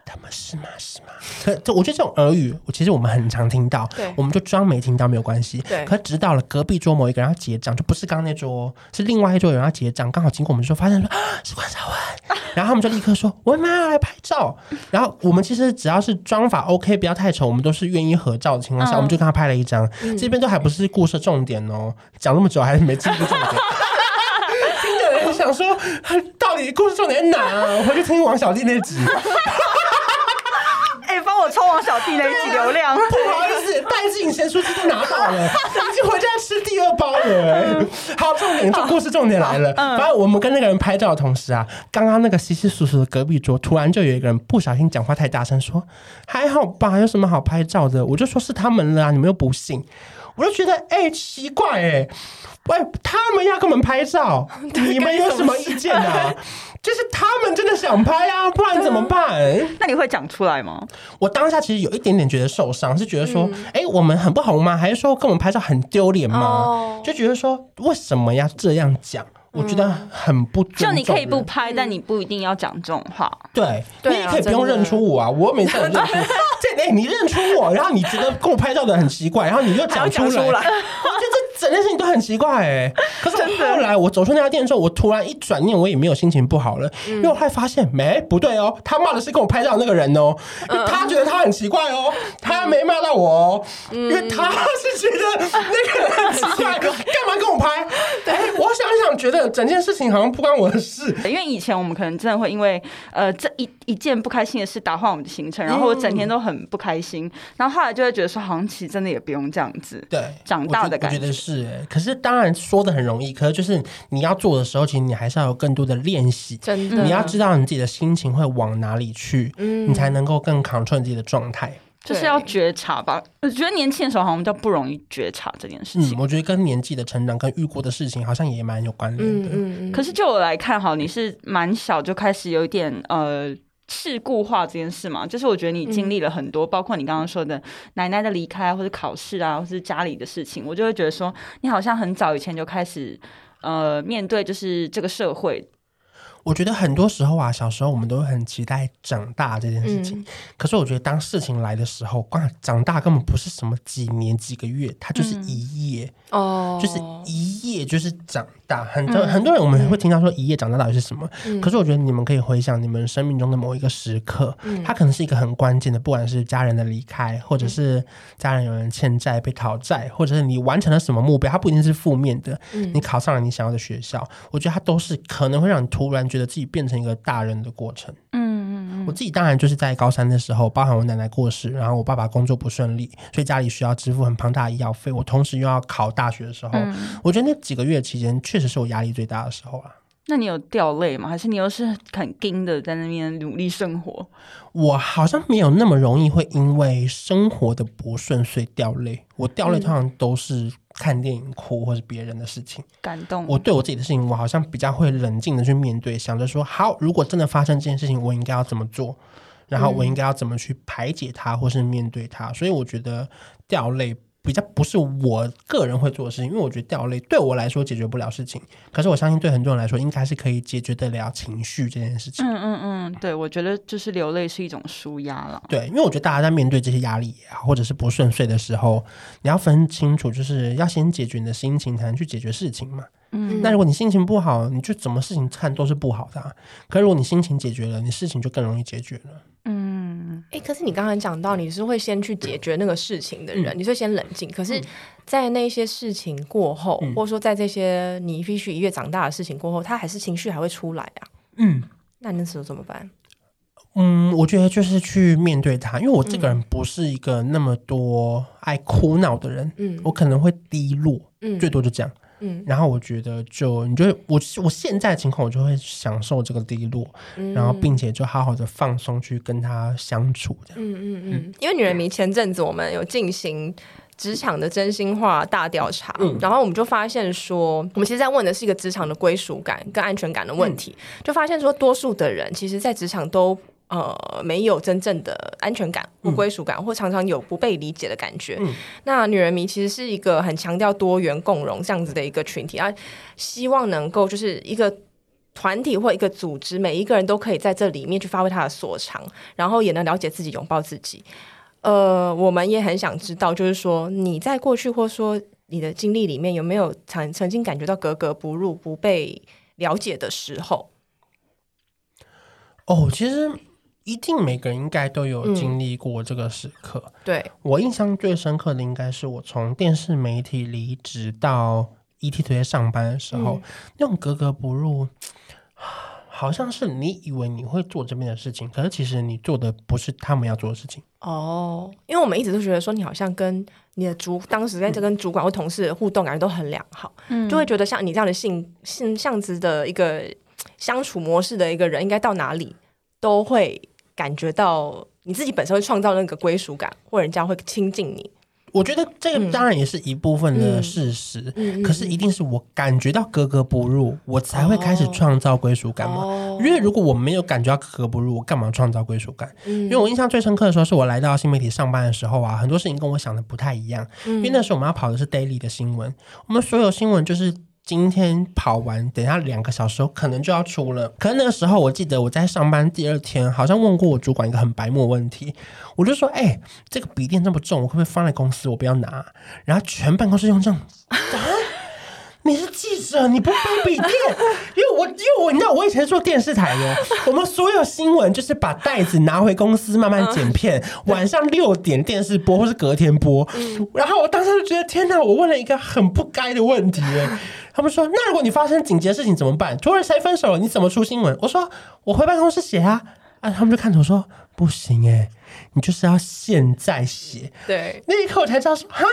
Speaker 1: 他們是嗎？是嗎？可就我覺得這種耳語，我其實我們很常聽到，對，我們就裝沒聽到沒有關係，對。可是直到了，隔壁桌某一個人要結賬，就不是剛那桌，是另外一桌有人要結賬，剛好經過我們時候，發現說啊是關韶文，啊、然後我們就立刻說，喂媽要來拍照，然後我們其實只要是妝髮 OK 不要太醜，我們都是願意合照的情況下、嗯，我們就跟他拍了一張。這邊都還不是故事重點哦、喔，講、嗯、那麼久還是沒記住重點。 聽的人想說，到底故事重點在哪啊？我回去聽王小弟那集。 可以幫我抽王小弟那一支流量、啊啊啊？不好意思，但是隱、啊、進數據都拿到了， 已經回家吃第二包了、 嗯。好重點，這故事重點來了。反正我們跟那個人拍照的同時啊，嗯、剛剛那個稀稀疏疏的隔壁桌，突然就有一個人不小心講話太大聲說，說還好吧，有什麼好拍照的？我就說是他們了、啊，你們又不信，我就覺得哎、欸、奇怪哎、欸，喂，他們要跟我們拍照， 你們有什麼意見呢、啊？ 就是他們真的想拍啊，不然怎麼辦、欸？ 那你會講出來嗎？我當下其實有一點點覺得受傷，是覺得說，哎、嗯欸，我們很不紅嗎？還是說跟我們拍照很丟臉嗎、哦？就覺得說，為什麼要這樣講？我覺得很不尊重，就你可以不
Speaker 3: 拍，嗯、但你不一定要講重話。
Speaker 1: 對，對、啊，你也可以不用認出我啊，我沒事。哎、 欸，你認出我，然後你覺得跟我拍照的很奇怪，然後你就講出，出來，我覺得這整件事情都很奇怪哎、欸。 可是後來我走出那家店之後，我突然一轉念，我也沒有心情不好了，因、嗯、為我還發現沒、欸、不對哦，他罵的是跟我拍照那個人哦，他覺得他很奇怪哦，嗯、他沒罵到我哦，哦、嗯，因為他是覺得那個人很奇怪，幹 嘛跟我拍？對，我想一想，覺得。整件事情好
Speaker 3: 像不關我的事，因為以前我們可能真的會因為呃這一一件不開心的事打壞我們的行程，然後我整天都很不開心，嗯，然後後來就會覺得說，好像其實真的也不用這樣子，
Speaker 1: 對，長大的感覺，我我覺得是，可是當然說的很容易，可是就是你要做的時候，其實你還是要有更多的練習，真的，你要知道你自己的心情會往哪裡去，嗯，你才能夠更 control 你自己的狀態。就是
Speaker 3: 要覺察吧。我覺得年輕的時候好像都不容易覺
Speaker 1: 察這件事情、嗯。我覺得跟年紀的成長、跟遇過的事情好像也蠻有關聯的、嗯。可是
Speaker 3: 就我來看，哈，你是蠻小就開始有一點呃世故化這件事嘛。就是我覺得你經歷了很多，嗯、包括你剛剛說的奶奶的離開、啊，或者考試啊，或是家裡的事情，我就會覺得說你好像很早以前就開始呃面對就是這個社
Speaker 1: 會。我覺得很多時候啊，小時候我們都很期待長大這件事情。嗯。可是我覺得，當事情來的時候啊，長大根本不是什麼幾年幾個月，它就是一夜哦，嗯，就是一夜就是長大。嗯、很多、嗯、很多人我們會聽到說一夜長大到底是什麼？嗯。可是我覺得，你們可以回想你們生命中的某一個時刻、嗯，它可能是一個很關鍵的，不管是家人的離開，或者是家人有人欠債被討債，或者是你完成了什麼目標，它不一定是負面的。你考上了你想要的學校，嗯，我覺得它都是可能會讓你突然，覺得自己變成一個大人的過程，嗯嗯，我自己當然就是在高三的時候，包含我奶奶過世，然後我爸爸工作不順利，所以家裡需要支付很龐大的醫藥費，我同時又要考大學的時候，嗯、我覺得那幾個月期間確實是我壓力最大的時候啊。
Speaker 3: 那你有掉淚嗎？還是你又是很硬的在那邊努力生活？
Speaker 1: 我好像沒有那麼容易會因為生活的不順遂掉淚，我掉淚通常都是、嗯。看電影哭，或是別人的事情，
Speaker 3: 感動。我
Speaker 1: 對我自己的事情，我好像比較會冷靜的去面對，想着說，好，如果真的發生這件事情，我應該要怎麼做，
Speaker 3: 然後我應該
Speaker 1: 要怎麼去排解它，嗯、或是面對它。所以我覺得掉淚。比較不是我個人會做的事情，因為我覺得掉淚對我來說解決不了事情。可是我相信對很多人來說，應該是可以解決得了情緒這件事
Speaker 3: 情。嗯嗯嗯，對，我覺得就是流淚是一種舒
Speaker 1: 壓了。對，因為我覺得大家在面對這些壓力也好啊，或者是不順遂的時候，你要分清楚，就是要先解決你的心情，才能去解決事情嘛。嗯。那如果你心情不好，你就什麼事情看都是不好的啊。可是如果你心情解決了，你事情就更容易解決了。嗯。
Speaker 2: 誒、欸，可是你剛才講到你是會先去解決那個事情的人，嗯、你是先冷靜。嗯、可是，在那些事情過後、嗯，或者說在這些你必須一夜長大的事情過後，他、嗯、還是情緒還會出來啊。嗯，那你那時候怎麼辦？
Speaker 1: 嗯，我覺得就是去面對他，因為我這個人不是一個那麼多愛哭鬧的人。嗯，我可能會低落，嗯，最多就這樣。嗯，然後我覺得，就你就會，我我現在情況，我就會享受這個低落，嗯，然後並且就好好的放鬆去跟他相處，
Speaker 2: 這樣。嗯嗯嗯。因為《女人迷》前陣子我們有進行職場的真心話大調查，嗯，然後我們就發現說，嗯，我們其實在問的是一個職場的歸屬感跟安全感的問題，嗯，就發現說，多數的人其實在職場都。呃，沒有真正的安全感、不歸屬感，嗯，或常常有不被理解的感覺，嗯。那女人迷其實是一個很強調多元共融這樣子的一個群體啊，希望能夠就是一個團體或一個組織，每一個人都可以在這裡面去發揮他的所長，然後也能了解自己，擁抱自己。呃，我們也很想知道，就是說你在過去或說你的經歷裡面，有沒有曾曾經感覺到格格不入、不被了解的時候？
Speaker 1: 哦，其實。一定每個人應該都有經歷過這個時刻。嗯、對我印象最深刻的應該是我從電視媒體離職到 ETtoday 上班的時候，嗯，那種格格不入，好像是你以為你會做這邊的事情，可是其實你做的不是他們要做的事情。
Speaker 2: 哦，因為我們一直都覺得說你好像跟你的主，當時在這跟主管或同事的互動感覺都很良好，嗯，就會覺得像你這樣的性性像子的一個相處模式的一個人，應該到哪裡都會。感覺到你自己本身會創造那個歸屬感，或者人家會親近你。
Speaker 1: 我覺得這個當然也是一部分的事實。嗯嗯嗯，可是一定是我感覺到格格不入，我才會開始創造歸屬感嘛。哦哦。因為如果我沒有感覺到格格不入，我幹嘛創造歸屬感？嗯。因為我印象最深刻的時候，是我來到新媒體上班的時候啊，很多事情跟我想的不太一樣。嗯。因為那時候我們要跑的是 daily 的新聞，我們所有新聞就是。今天跑完，等下兩個小時後可能就要出了。可是那個時候，我記得我在上班第二天，好像問過我主管一個很白目的問題，我就說：“哎、欸，這個筆電這麼重，我會不會放在公司？我不要拿。”然後全辦公室用這樣子啊！你是記者，你不背筆電？因為我，因為我，你知道我以前做電視台的，我們所有新聞就是把袋子拿回公司慢慢剪片，啊、晚上六點電視播，或是隔天播、嗯。然後我當時就覺得，天哪！我問了一個很不該的問題。他們說：“那如果你發生緊急的事情怎麼辦？突然誰分手了，你怎麼出新聞？”我說：“我回辦公室寫啊。”啊，他們就看着我說：“不行哎、欸，你就是要現在寫。”對，那一刻我才知道說：“哈，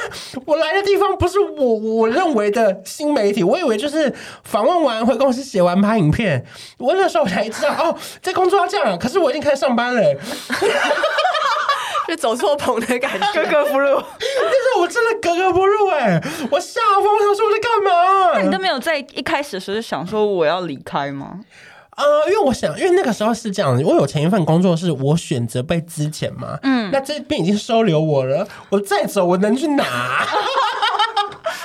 Speaker 1: 我來的地方不是我我認為的新媒體，我以為就是訪問完回公司寫完拍影片。我那時候我才知道哦，這工作要這樣。可是我已經開始上班了、欸.。 ” 就走錯棚的感覺，格格不入。 但是我真的格格不入哎！我嚇瘋了，說我在幹嘛？那你都
Speaker 3: 沒有在一開始的時候想說我要離開
Speaker 1: 嗎？啊、呃，因為我想，因為那個時候是這樣，我有前一份工作是我選擇被資遣嘛。嗯，那這邊已經收留我了，我再走我能去哪？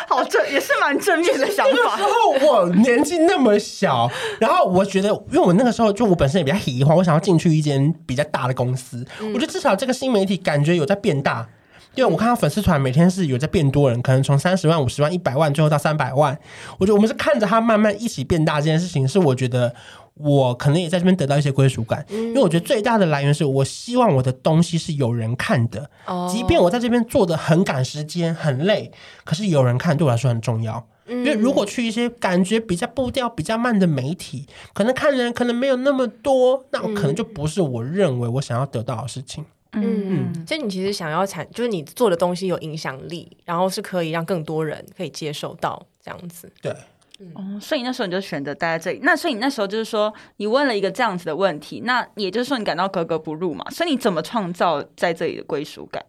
Speaker 1: 好正，也是蠻正面的想法。那、就是、個時候我年紀那麼小。 然後我覺得，因為我那個時候就我本身也比較喜歡，我想要進去一間比較大的公司。嗯、我覺得至少這個新媒體感覺有在變大。因為我看到粉絲團每天是有在變多人，可能從三十萬、五十萬、一百萬，最後到三百萬。我覺得我們是看着它慢慢一起變大這件事情，是我覺得我可能也在這邊得到一些歸屬感。因為我覺得最大的來源是我希望我的東西是有人看的。即便我在這邊做的很趕時間、很累，可是有人看對我來說很重要。因為如果去一些感覺比較步調比較慢的媒體，可能看的人可能沒有那麼多，那我可能就不是我認為我想要得到的事情。
Speaker 2: 嗯，嗯，就你其實想要產，就是你做的東西有影響力，然後是可以讓更
Speaker 3: 多人可以接受到這樣子。對、嗯，哦，所以那時候你就選擇待在這裡。那所以你那時候就是說，你問了一個這樣子的問題，那也就是說你感到格格不入嘛？所以你怎麼創造在這裡的歸屬感？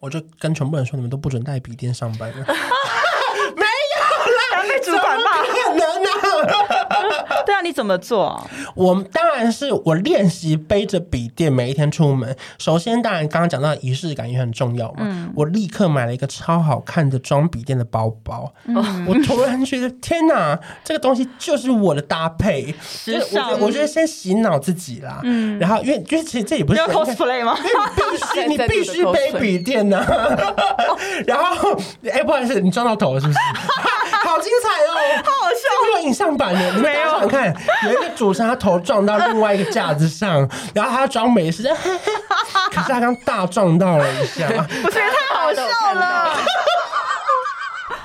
Speaker 1: 我就跟全部人說，你們都不准帶筆電上班了。 沒有啦， 被主管罵。 對啊，你怎麼做？我當然是我練習背着筆電每一天出門。首先，當然剛剛講到的儀式感也很重要嘛、嗯。我立刻買了一個超好看的裝筆電的包包、嗯。我突然覺得天哪，這個東西就是我的搭配。時尚，就是我，覺嗯、我覺得先洗腦自己啦。嗯，然後因為因為其實這也不是 cosplay 嗎？ 你必須你必須背筆電啊。 然後，哎、欸，不好意思，你撞到頭了是不是？哦啊、好精彩哦！好，好笑，沒有影像版的沒有？ 看，有一個主持人，他頭撞到另外一個架子上， 然後他裝沒事，可是他剛大撞到了一下，
Speaker 3: 不是太好笑了。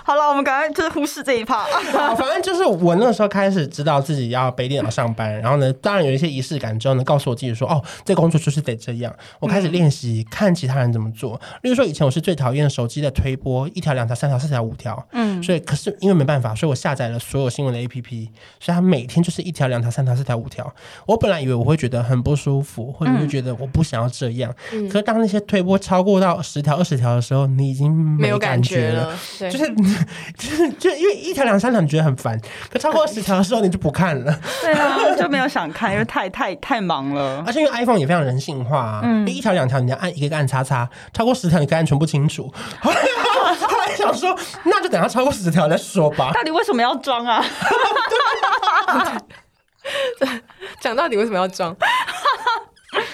Speaker 3: 好了，我們趕快就是忽視這一趴。 反
Speaker 1: 正就是我那個時候開始知道自己要背電腦上班， 然後呢，當然有一些儀式感之後，呢，告訴我自己說：“哦，這個、工作就是得這樣。”我開始練習、嗯、看其他人怎麼做。例如說，以前我是最討厭手機的推播，一條、兩條、三條、四條、五條。嗯，所以可是因為沒辦法，所以我下載了所有新聞的 APP，所以它每天就是一條、兩條、三條、四條、五條。我本來以為我會覺得很不舒服，或者會覺得我不想要這樣。嗯、可是當那些推播超過到十條、二十條的時候，你已經沒感覺了。沒有感覺了。對，就是。就 是就因為一條兩三條你覺得很煩，可超過十條的時候你就不看了， 對啊，我就沒有想看，因為太太太忙了， 而且因為 iPhone 也非常人性化，啊，嗯，一條兩條你要按一個個按叉叉，超過十條你可以按全部清除。後 來想說那就等他超過十條再說吧。
Speaker 3: 到底為什麼要裝啊？對。
Speaker 2: 講 到底為什麼要裝？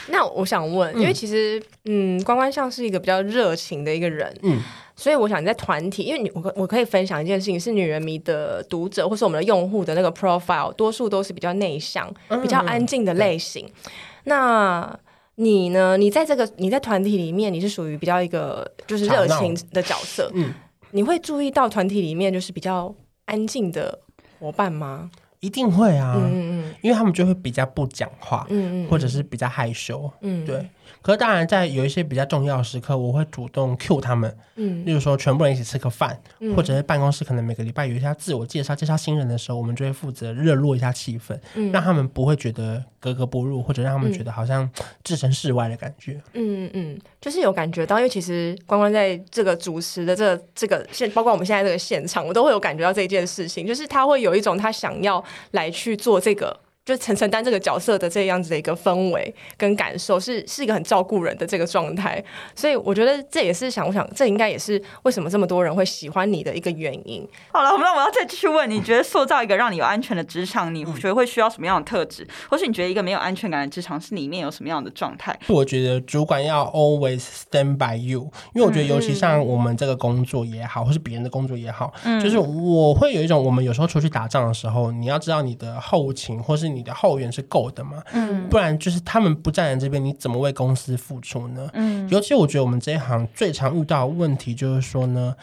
Speaker 2: 那我想問，嗯、因為其實嗯，關關像是一個比較熱情的一個人，嗯。所以我想你在團體，因為你我我可以分享一件事情，是女人迷的讀者或是我們的用戶的那個 profile 多數都是比較內向、嗯、比較安靜的類型、嗯。那你呢？你在這個你在團體裡面，你是屬於比較一個就是熱情的角色。嗯，你會注意到團體裡面就是比較安靜的伙伴嗎？
Speaker 1: 一定會啊，嗯，嗯嗯，因為他們就會比較不講話，嗯嗯，嗯嗯，或者是比較害羞，嗯，對。可是當然，在有一些比較重要的時刻，我會主動 cue 他們，嗯，例如說全部人一起吃個飯，嗯、或者是辦公室可能每個禮拜有一些自我介紹、介紹新人的時候，我們就會負責熱絡一下氣氛，嗯，讓他們不會覺得格格不入，或者讓他們覺得好像置身事外的感覺，嗯
Speaker 2: 嗯，就是有感覺到，因為其實關關在這個主持的這個、這個現，包括我們現在這個現場，我都會有感覺到這一件事情，就是他會有一種他想要來去做這個。就承、承擔這個角色的這樣子的一個氛圍跟感受是、是一個很照顧人的這個狀態，所以我覺得這也是想我想這應該也是為什麼這麼多人會喜歡你的
Speaker 3: 一個原因。好了，那我要再繼續問你，你覺得塑造一個讓你有安全的職場， 你覺得會需要什麼樣的特質？嗯，或是你覺得一個沒有安全感的職場是裡面有什麼樣的狀態？
Speaker 1: 我覺得主管要 always stand by you，因為我覺得尤其像我們這個工作也好，或是別人的工作也好，就是我會有一種我們有時候出去打仗的時候，你要知道你的後勤，或是你。你的後援是夠的嘛？嗯，不然就是他們不站在這邊，你怎麼為公司付出呢？嗯，尤其我覺得我們這一行最常遇到的問題就是說呢，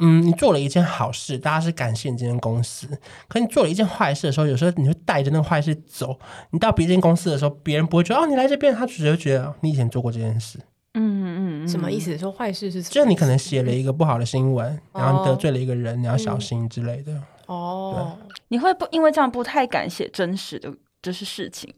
Speaker 1: 嗯，你做了一件好事，大家是感謝你這間公司；可你做了一件壞事的時候，有時候你會帶着那個壞事走。你到別間公司的時候，別人不會覺得哦，你來這邊，他只是覺得你以前做過這件事。
Speaker 3: 嗯嗯，什麼意思？說壞事是就是你可能寫了一
Speaker 1: 個不好的新聞、嗯，然後得罪了一個人，你要小心之類的。嗯
Speaker 3: 哦， 你會不因為這樣不太敢寫真實的就是事情？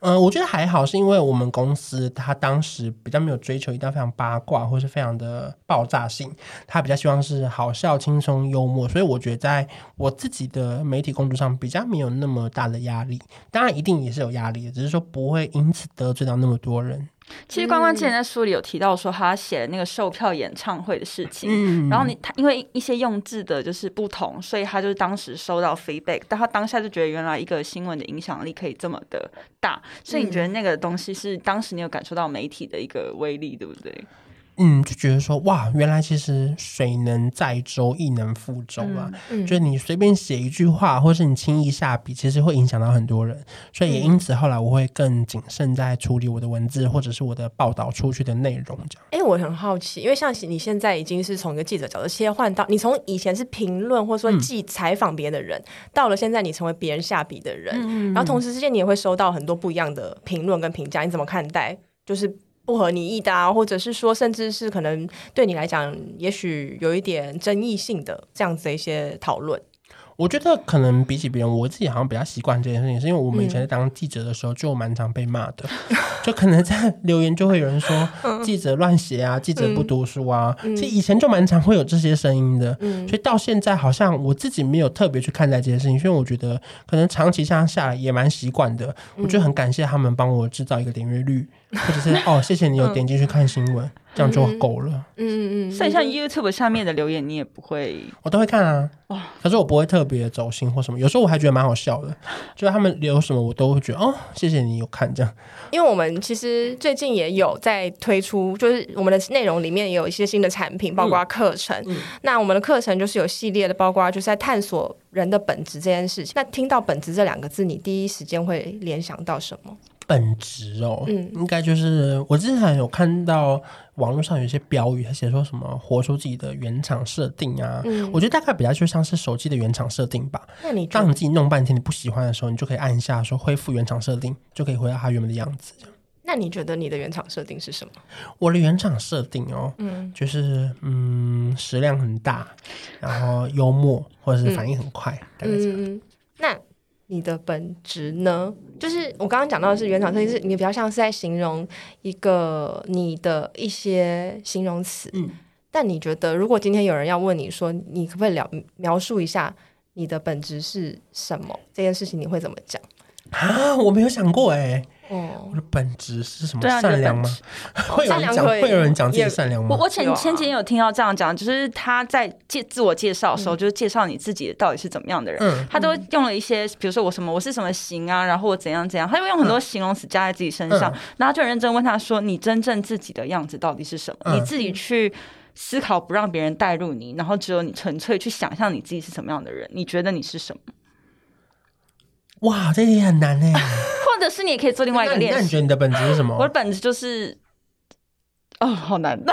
Speaker 1: 嗯，我覺得還好，是因為我們公司他當時比較沒有追求一段非常八卦或者是非常的爆炸性，他比較希望是好笑、輕鬆、幽默，所以我覺得在我自己的媒體工作上比較沒有那麼大的壓力。當然，一定也是有壓力的，只是說不會因此得罪到那麼多人。其實關關之前
Speaker 3: 在書裡有提到說，他寫的那個售票演唱會的事情，嗯，然後你他因為一些用字的就是不同，所以他就是當時收到 feedback，但他當下就覺得原來一個新聞的影響力可以這麼的大，所以你覺得那個東西是當時你有感受到媒體的一個威
Speaker 1: 力，對不對？嗯，就覺得說哇，原來其實水能載舟，亦能覆舟啊。就是你隨便寫一句話，或是你輕易下筆，其實會影響到很多人。所以也因此，後來我會更謹慎在處理我的文字，嗯、或者是我的報道出去的內容這樣。
Speaker 2: 樣、欸、哎，我很好奇，因為像你現在已經是從一個記者角度切換到你從以前是評論，或者說記採訪別人的人、嗯，到了現在你成為別人下筆的人，嗯嗯嗯，然後同時之間你也會收到很多不一樣的評論跟評價，你怎麼看待？就是。不合你意的，或者是說，甚至是可能對你來講，也許有一點爭議性的這樣子的一些討論。
Speaker 1: 我覺得可能比起別人，我自己好像比較習慣這件事情，是因為我們以前在當記者的時候就蠻常被罵的、嗯，就可能在留言就會有人說記者亂寫啊、嗯，記者不讀書啊，嗯嗯、其實以前就蠻常會有這些聲音的、嗯。所以到現在，好像我自己沒有特別去看待這件事情，所以我覺得可能長期這樣下來也蠻習慣的。我就很感謝他們幫我制造一個點閱率。 或者是哦，謝謝你有點進去看新聞，嗯、這樣就夠了。嗯嗯，
Speaker 3: 嗯，所以像 YouTube 下面的留言，你也不會，
Speaker 1: 我都會看啊。哇， 可是我不會特別走心或什麼，有時候我還覺得蠻好笑的，就是他們留什麼，我都會覺得哦，謝謝你有看這樣。
Speaker 2: 因為我們其實最近也有在推出，就是我們的內容裡面也有一些新的產品，包括課程。嗯嗯、那我們的課程就是有系列的，包括就是在探索人的本質這件事情。那聽到“本質”這兩個字，你第一時間會聯想到什麼？
Speaker 1: 很值哦，嗯，應該就是我之前有看到網絡上有一些標語，他寫說什麼“活出自己的原廠設定”啊，嗯，我覺得大概比較就像是手機的原廠設定吧。那你當你自己弄半天你不喜歡的時候，你就可以按下說恢復原廠設定，嗯，就可以回到它原本的樣子這樣。
Speaker 2: 那你覺得你的原廠設定是什麼？
Speaker 1: 我的原廠設定哦，就是、嗯，就是嗯食量很大，然後幽默或者是反應很快，大、嗯、概
Speaker 2: 這樣。嗯、那你的本質呢？就是我剛剛講到的是原廠設定，你比較像是在形容一個你的一些形容詞。嗯。但你覺得如果今天有人要問你說，你可不可以了描述一下你的本質是什麼？這件事情你會怎麼講？
Speaker 1: 啊，我沒有想過哎、欸。我、oh. 的本質是什麼、啊？善良嗎？會有人講？會有人講自己善良嗎？Yeah. 我我前、啊、前前
Speaker 3: 有聽到這樣講，就是他在介自我介紹的時候，嗯、就是介紹你自己到底是怎麼樣的人、嗯。他都用了一些，比如說我什麼，我是什麼型啊，然後我怎樣怎樣，他就用很多形容詞加在自己身上。嗯嗯、然後就很認真問他說：“你真正自己的樣子到底是什麼？嗯、你自己去思考，不讓別人帶入你，然後只有你純粹去想象你自己是什麼樣的人？你覺得你是什麼？”
Speaker 1: 哇，這題很難呢。
Speaker 3: 的是你也可以做另外一個練。那你覺
Speaker 1: 得你的本質是什麼？我
Speaker 3: 的本質就是，哦、oh,，好難。
Speaker 1: 那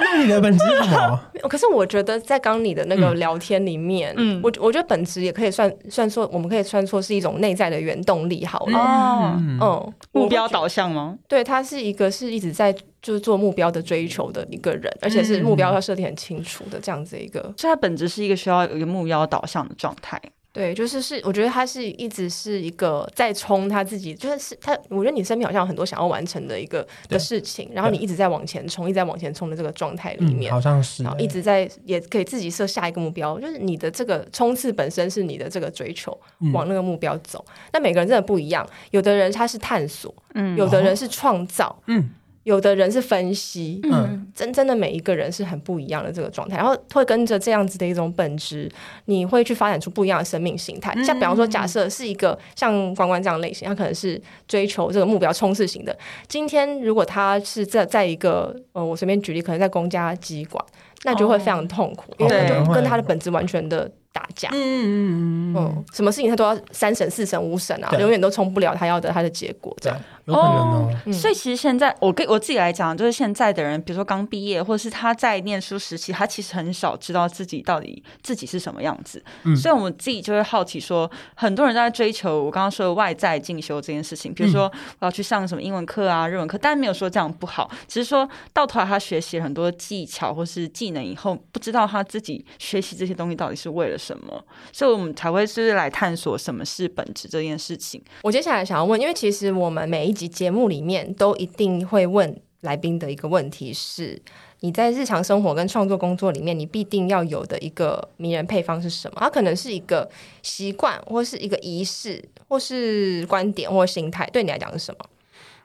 Speaker 1: 那你的本質是什麼？
Speaker 3: 可是我覺得
Speaker 2: 在剛你的那個聊天裡面，嗯，我我覺得本質也可以算算說，我們可以算說是一種內在的原動力好好，好、嗯、了。哦、嗯，
Speaker 3: 嗯，目標導向嗎、嗯？
Speaker 2: 對，他是一個是
Speaker 3: 一直在就是做目標的追求的一個人，而且是目標要設定很清楚的這樣子一個。嗯嗯、所以他本質是一個需要有一個目標導向的狀態。
Speaker 2: 對，就是是，我覺得他是一直是一個在衝他自己，就是他，我覺得你身邊好像有很多想要完成的一個的事情，然後你一直在往前衝，一直在往前衝的這個狀態裡面，嗯、好像是，一直在、欸、也可以自己設下一個目標，就是你的這個衝刺本身是你的這個追求、嗯，往那個目標走。但每個人真的不一樣，有的人他是探索，嗯，有的人是創造，哦、嗯。有的人是分析，嗯，真真的每一個人是很不一樣的這個狀態，然後會跟着這樣子的一種本質，你會去發展出不一樣的生命形態。像比方說，假設是一個像關關這樣類型，他可能是追求這個目標衝刺型的。今天如果他是在在一個，嗯、呃，我隨便舉例，可能在公家機關，那就會非常痛苦，哦、因為就跟他的本質完全的打架。嗯，嗯，什麼事情他都要三審四
Speaker 3: 審五審啊，永遠都衝不了他要的他的結果，這樣。哦，oh, 所以其實現在我跟我自己來講，就是現在的人，比如說剛畢業，或者是他在念書時期，他其實很少知道自己到底自己是什麼樣子。嗯、所以，我們自己就會好奇說，很多人在追求我剛剛說的外在進修這件事情，比如說我要去上什麼英文課啊、日文課，但沒有說這樣不好，只是說到頭來他學習了很多技巧或是技能以後，不知道他自己學習這些東西到底是為了什麼，所以我們才會就是來探索什麼是本質這件事情。
Speaker 2: 我接下來想要問，因為其實我們每一。節目裡面都一定會問來賓的一個問題是：你在日常生活跟創作工作裡面，你必定要有的一個迷人配方是什麼？它、啊、可能是一個習慣，或是一個儀式，或是觀點，或心態，對你來講是什麼？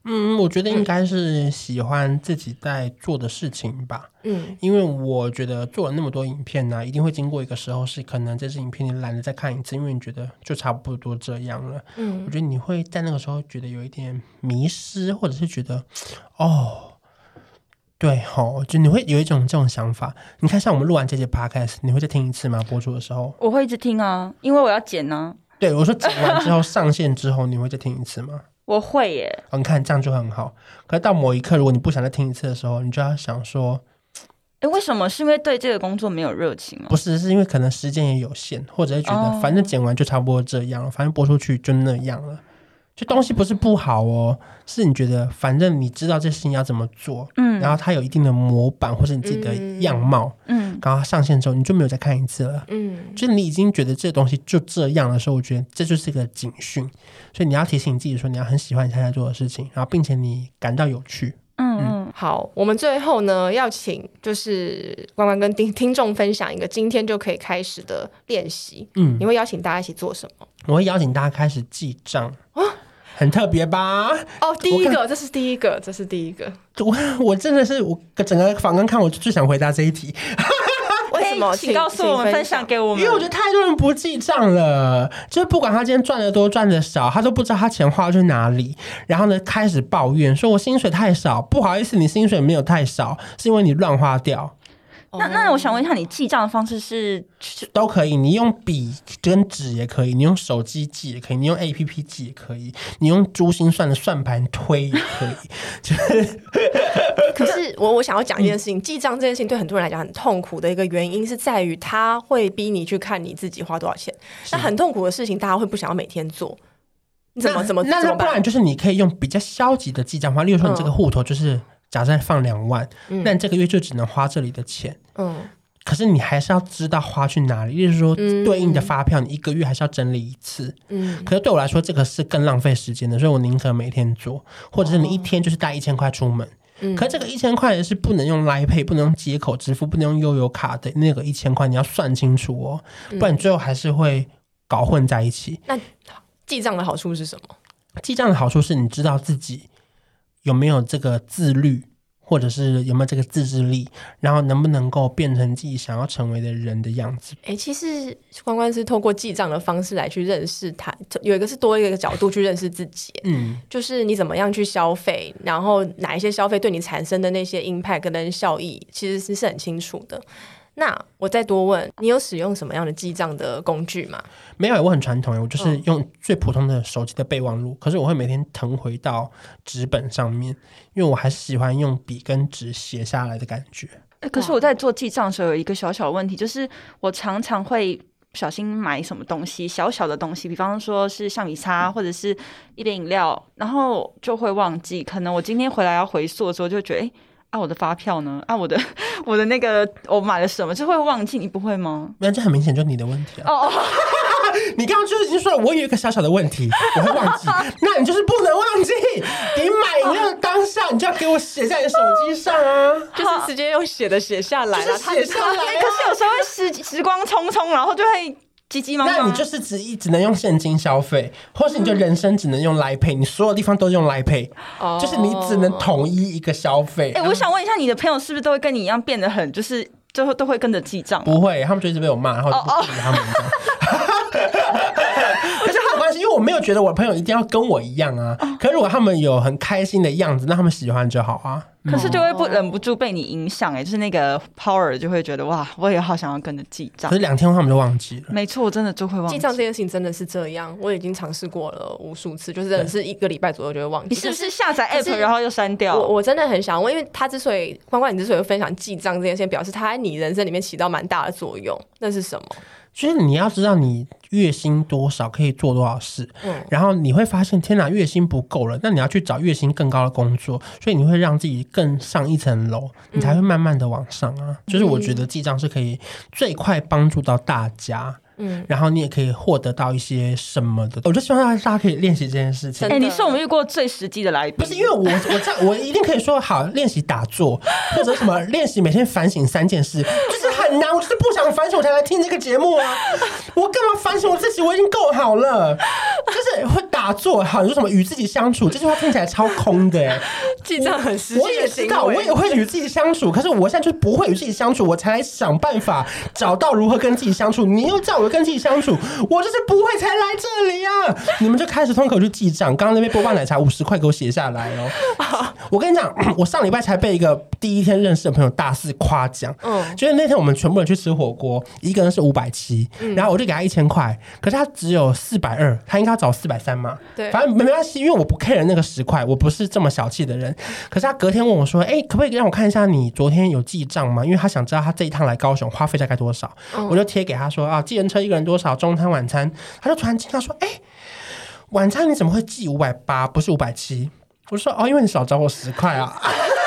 Speaker 1: 嗯，我覺得應該是喜歡自己在做的事情吧。嗯，因為我覺得做了那麼多影片呢、啊，一定會經過一個時候，是可能這支影片你懶得再看一次，因為你覺得就差不多這樣了。嗯，我覺得你會在那個時候覺得有一點迷失，或者是覺得哦，對，好、哦，就你會有一種這種想法。你看，像我們錄完這些 podcast，你會再聽一次嗎？播出的時候，
Speaker 3: 我會一直聽啊，因為我要剪呢、啊。
Speaker 1: 對，我說剪完之後 上線之後，你會再聽一次嗎？
Speaker 3: 我會耶，
Speaker 1: 哦，你看這樣就很好。可是到某一刻，如果你不想再聽一次的時候，你就要想說，
Speaker 3: 哎，為什麼？是因為對這個工作沒有熱
Speaker 1: 情嗎？不是，是因為可能時間也有限，或者覺得反正剪完就差不多這樣，oh. 反正播出去就那樣了。這東西不是不好哦，嗯，是你覺得反正你知道這事情，要怎麼做，嗯，然後它有一定的模板，或是你自己的樣貌，嗯，剛、嗯、剛上線之後你就沒有再看一次了，嗯，就你已經覺得這東西就這樣的時候，我覺得這就是一個警訊，所以你要提醒你自己說，你要很喜歡你現在在做的事情，然後並且你感到有趣，
Speaker 2: 嗯，嗯，好，我們最後呢，要請就是關關跟聽聽眾分享一個今天就可以開始的練習，嗯，你會邀請大家一起做什麼？
Speaker 1: 我會邀請大家開始記賬。很特別吧？
Speaker 2: 哦，第一個，這是第一個，這是第一個。
Speaker 1: 我我真的是我整個訪談看，我就想回答這一題。
Speaker 3: 我 為什麼？請告訴我們，分享給我們，因為我覺得
Speaker 1: 太多人不記賬了，就是不管他今天賺的多賺的少，他都不知道他錢花去哪裡，然後呢開始抱怨，說我薪水太少。不好意思，你薪水沒有太少，是因為你亂花掉。
Speaker 3: 那那我想問一下，你記賬的
Speaker 1: 方式是都可以，你用筆跟紙也可以，你用手機記也可以，你用 APP 記也可以，你用珠心算的算盤推也可以。
Speaker 2: 就是 可是我，我我想要講一件事情，嗯、記賬這件事情對很多人來講很痛苦的一個原因，是在於他會逼你去看你自己花多少錢。那很痛苦的事情，大家會不想要每天做。怎麼怎麼那那不
Speaker 1: 然就是你可以用比較消極的記賬方、嗯、例如說你這個戶頭就是。打算放兩萬，嗯、那你這個月就只能花這裡的錢。嗯，可是你還是要知道花去哪裡，就是說對應的發票，你一個月還是要整理一次。嗯，嗯，可是對我來說，這個是更浪費時間的，所以我寧可每天做，或者是你一天就是帶一千塊出門。嗯，可是這個一千塊是不能用 Line Pay，不能用街口支付，不能用悠遊卡的那個一千塊，你要算清楚哦，不然最後還是會搞混在一起。
Speaker 2: 嗯、那記賬的好處是什麼？
Speaker 1: 記賬的好處是你知道自己。有沒有這個自律，或者是有沒有這個自制力，然後能不能夠變成自己想要成為的人的樣子？誒、
Speaker 2: 欸，其實關關是透過記賬的方式來去認識他，有一個是多一個角度去認識自己。嗯，就是你怎麼樣去消費，然後哪一些消費對你產生的那些 impact 跟效益，其實是是很清楚的。那我再多問，你有使用什麼樣的記賬的工具嗎？
Speaker 1: 沒有、欸，我很傳統、欸，我就是用最普通的手機的備忘錄、嗯。可是我會每天騰回到紙本上面，因為我還是喜歡用筆跟紙寫下來的感覺、
Speaker 3: 欸。可是我在做記賬的時候，有一個小小的問題，就是我常常會不小心買什麼東西，小小的東西，比方說是橡皮擦或者是一點飲料、嗯，然後就會忘記。可能我今天回來要回溯的時候，就覺得啊，我的發票呢？啊，我的我的那個，我買了什麼就會忘記，你不
Speaker 1: 會嗎？那這很明顯就是你的問題啊！哦、oh. 你剛剛就已經說了，我有一個小小的問題，我會忘記。 那你就是不能忘記，你買那個當下，你就要給我寫在你的手機上啊，oh. 就是直接用寫的寫下來、啊，了、就、寫、是、下來、啊。下來啊、可是有時
Speaker 3: 候會時時光匆匆，然後就會。雞雞茫茫那你就是只
Speaker 1: 只能用現金消費，或是你就人生只能用來 Pay、嗯，你所有地方都用來 Pay，oh. 就是你只能統一一個消費。哎、欸欸，我想
Speaker 3: 問一下，你的朋友是不是都會跟你一樣變得很，就是最後都會跟着記賬、啊？不
Speaker 1: 會，他們就一直被我罵，然後不理他們。Oh, oh. 我沒有覺得我的朋友一定要跟我一樣啊，可是如果他們有很開心的樣子，那他們喜歡就好啊。嗯、可是就
Speaker 3: 會不忍不住被你影響哎、欸，就是那個 power 就會覺得哇，我也好想要跟着記賬。可是兩天
Speaker 1: 後他們就忘記了。
Speaker 3: 沒錯，我真的就會忘記。記賬這件事情真的是這樣，我已經嘗試過了無數次，就是真的是一
Speaker 2: 個禮拜左右就會忘記。你是不是下
Speaker 3: 載 app 然後又刪掉？我我
Speaker 2: 真的很想問，因為他之所以關關，你之所以分享記賬這件事情，表示他在你人生裡面起到蠻大的作用，那是什麼？
Speaker 1: 就是你要知道你月薪多少可以做多少事，嗯，然後你會發現天哪，月薪不夠了，那你要去找月薪更高的工作，所以你會讓自己更上一層樓，你才會慢慢的往上啊。嗯，就是我覺得記賬是可以最快幫助到大家。嗯嗯嗯，然後你也可以獲得到一些什麼的。我就希望大家可以練習這件事情。哎，你是我們遇過最實際的來賓，不是？因為我我在，我一定可以說好練習打坐，或者什麼 練習每天反省三件事，就是很難。我就是不想反省，我才來聽這個節目啊！我幹嘛反省我自己？我已經夠好了，就是會打坐，好，你說什麼與自己相處？這句話聽起來超空的，我 很實際我。我也知道，我也會與自己相處， 可是我現在就是不會與自己相處，我才來想辦法找到如何跟自己相處。你又叫我。我跟自己相處，我就是不會才來這裡啊。你們就開始通口去記賬。剛剛那邊波霸奶茶五十塊，給我寫下來哦。Oh. 我跟你講，我上禮拜才被一個第一天認識的朋友大肆誇獎。嗯，就是那天我們全部人去吃火鍋，一個人是五百七，然後我就給他一千塊，可是他只有四百二，他應該要找四百三嘛？對，反正沒關係，因為我不 care 那個十塊，我不是這麼小氣的人。可是他隔天問我說：“哎、欸，可不可以讓我看一下你昨天有記賬嗎？”因為他想知道他這一趟來高雄花費大概多少。嗯、我就貼給他說：“啊，既然”一個人多少？中餐、晚餐，他就突然驚訝說：“哎、欸，晚餐你怎麼會記五百八？不是五百七？”我說：“哦，因為你少找我十塊啊。 ”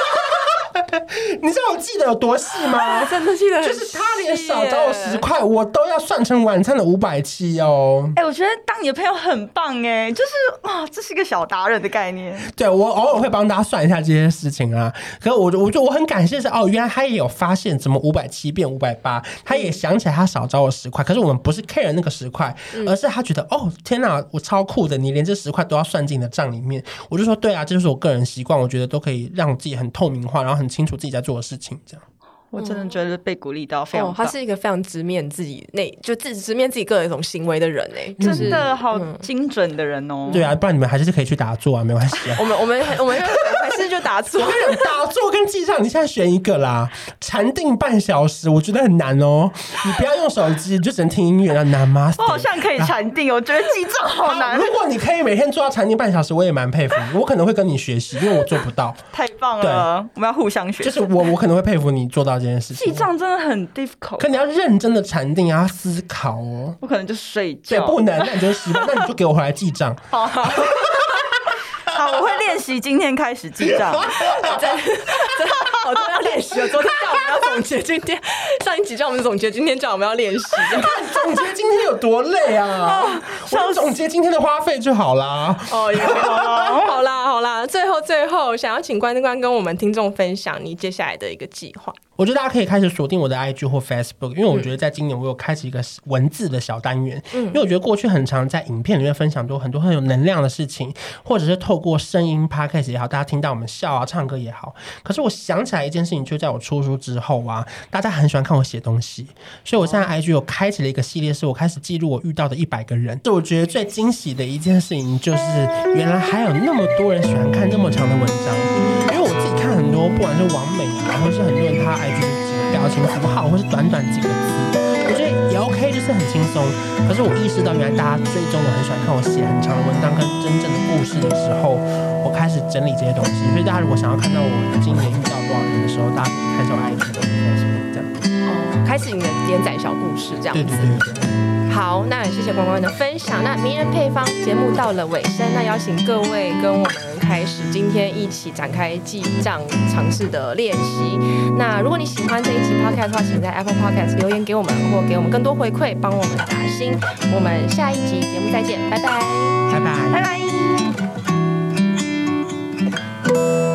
Speaker 1: 你知道我記得有多細嗎、哎？我真的記得，就是他連少找我十塊，我都要算成晚餐的五百七哦。哎、
Speaker 3: 欸，我覺得當你的朋友很棒哎，就是哇，這是一個小達人的概念。
Speaker 1: 對，我偶爾會幫大家算一下這些事情啊。可是我就，我就我很感謝是哦，原來他也有發現怎麼五百七變五百八，他也想起來他少找我十塊。可是我們不是 care 那個十塊，而是他覺得哦，天哪、啊，我超酷的，你連這十塊都要算進你的賬裡面。我就說對啊，這就是我個人習慣，我覺得都可以讓自己很透明化，然後很。清楚自己在做的事情，這樣。
Speaker 3: 我真的覺得被鼓勵到非常、嗯哦。他是一個非常
Speaker 2: 直面自己，那就自己直面自己個人一種行為的人呢、欸就是。真的好精準的
Speaker 1: 人哦、喔嗯。對啊，不然你們還是可以去打坐啊，沒關係、啊啊。我們我們我們還是就打坐。 打坐跟記賬，你現在選一個啦。禪定半小時，我覺得很難哦、喔。你不要用手機，就只能聽音樂那難嗎？Namaste, 我好像可以禪
Speaker 3: 定、啊，我覺得記賬好難、啊啊。如果
Speaker 1: 你可以每天做到禪定半小時，我也蠻佩服。我可能會跟你學習，因為我做不到。
Speaker 3: 太棒了，
Speaker 1: 我們要互相學。就是我，我可能會佩服你做到。記賬
Speaker 3: 真的很 difficult，可你要認真
Speaker 1: 的禪定、啊，要思考哦、啊。
Speaker 3: 我可能就睡覺，對，不能，那你就
Speaker 1: 喜歡， 那你就給我回來記賬。
Speaker 3: 好，好， 好，我會練習，今天開始記賬。真
Speaker 2: 好多要練習了。昨天叫我們要總結，今天 上一集叫我們總結，今天叫我們要練習。 總結今天有多累啊？ 哦、我想總結今天的花費就
Speaker 1: 好啦。
Speaker 3: 哦好啦，
Speaker 2: 好啦，好啦，最後最後，想要請關關關跟我們聽眾分享你接下來的一個計劃。
Speaker 1: 我覺得大家可以開始鎖定我的 IG 或 Facebook，因為我覺得在今年我有開啟一個文字的小單元。嗯，因為我覺得過去很常在影片裡面分享多很多很有能量的事情，或者是透過聲音 Podcast 也好，大家聽到我們笑啊、唱歌也好。可是我想起來一件事情，就在我出書之後啊，大家很喜歡看我寫東西，所以我現在 IG 有開啟了一個系列，是我開始記錄我遇到的一百個人。就我覺得最驚喜的一件事情，就是原來還有那麼多人喜歡看那麼長的文章，因、嗯、為。很多不管是網美啊，或是很多人他 IG 的幾個表情符號，或是短短幾個字，我覺得也 OK，就是很輕鬆。可是我意識到，原來大家最終我很喜歡看我寫很長的文章跟真正的故事的時候，我開始整理這些東西。所以大家如果想要看到我今年遇到多少人的時候，大家可以看一下我 IG 的開始這樣子、哦，
Speaker 2: 開始你的連載小故事這樣子。對對對對好，那謝謝關關的分享。那迷人配方節目到了尾聲，那邀請各位跟我們開始今天一起展開記賬嘗試的練習。那如果你喜歡這一集 podcast 的話，請在 Apple Podcast 留言給我們，或給我們更多回饋，幫我們打星。我們下一集節目再見，拜拜，拜
Speaker 3: 拜，拜拜。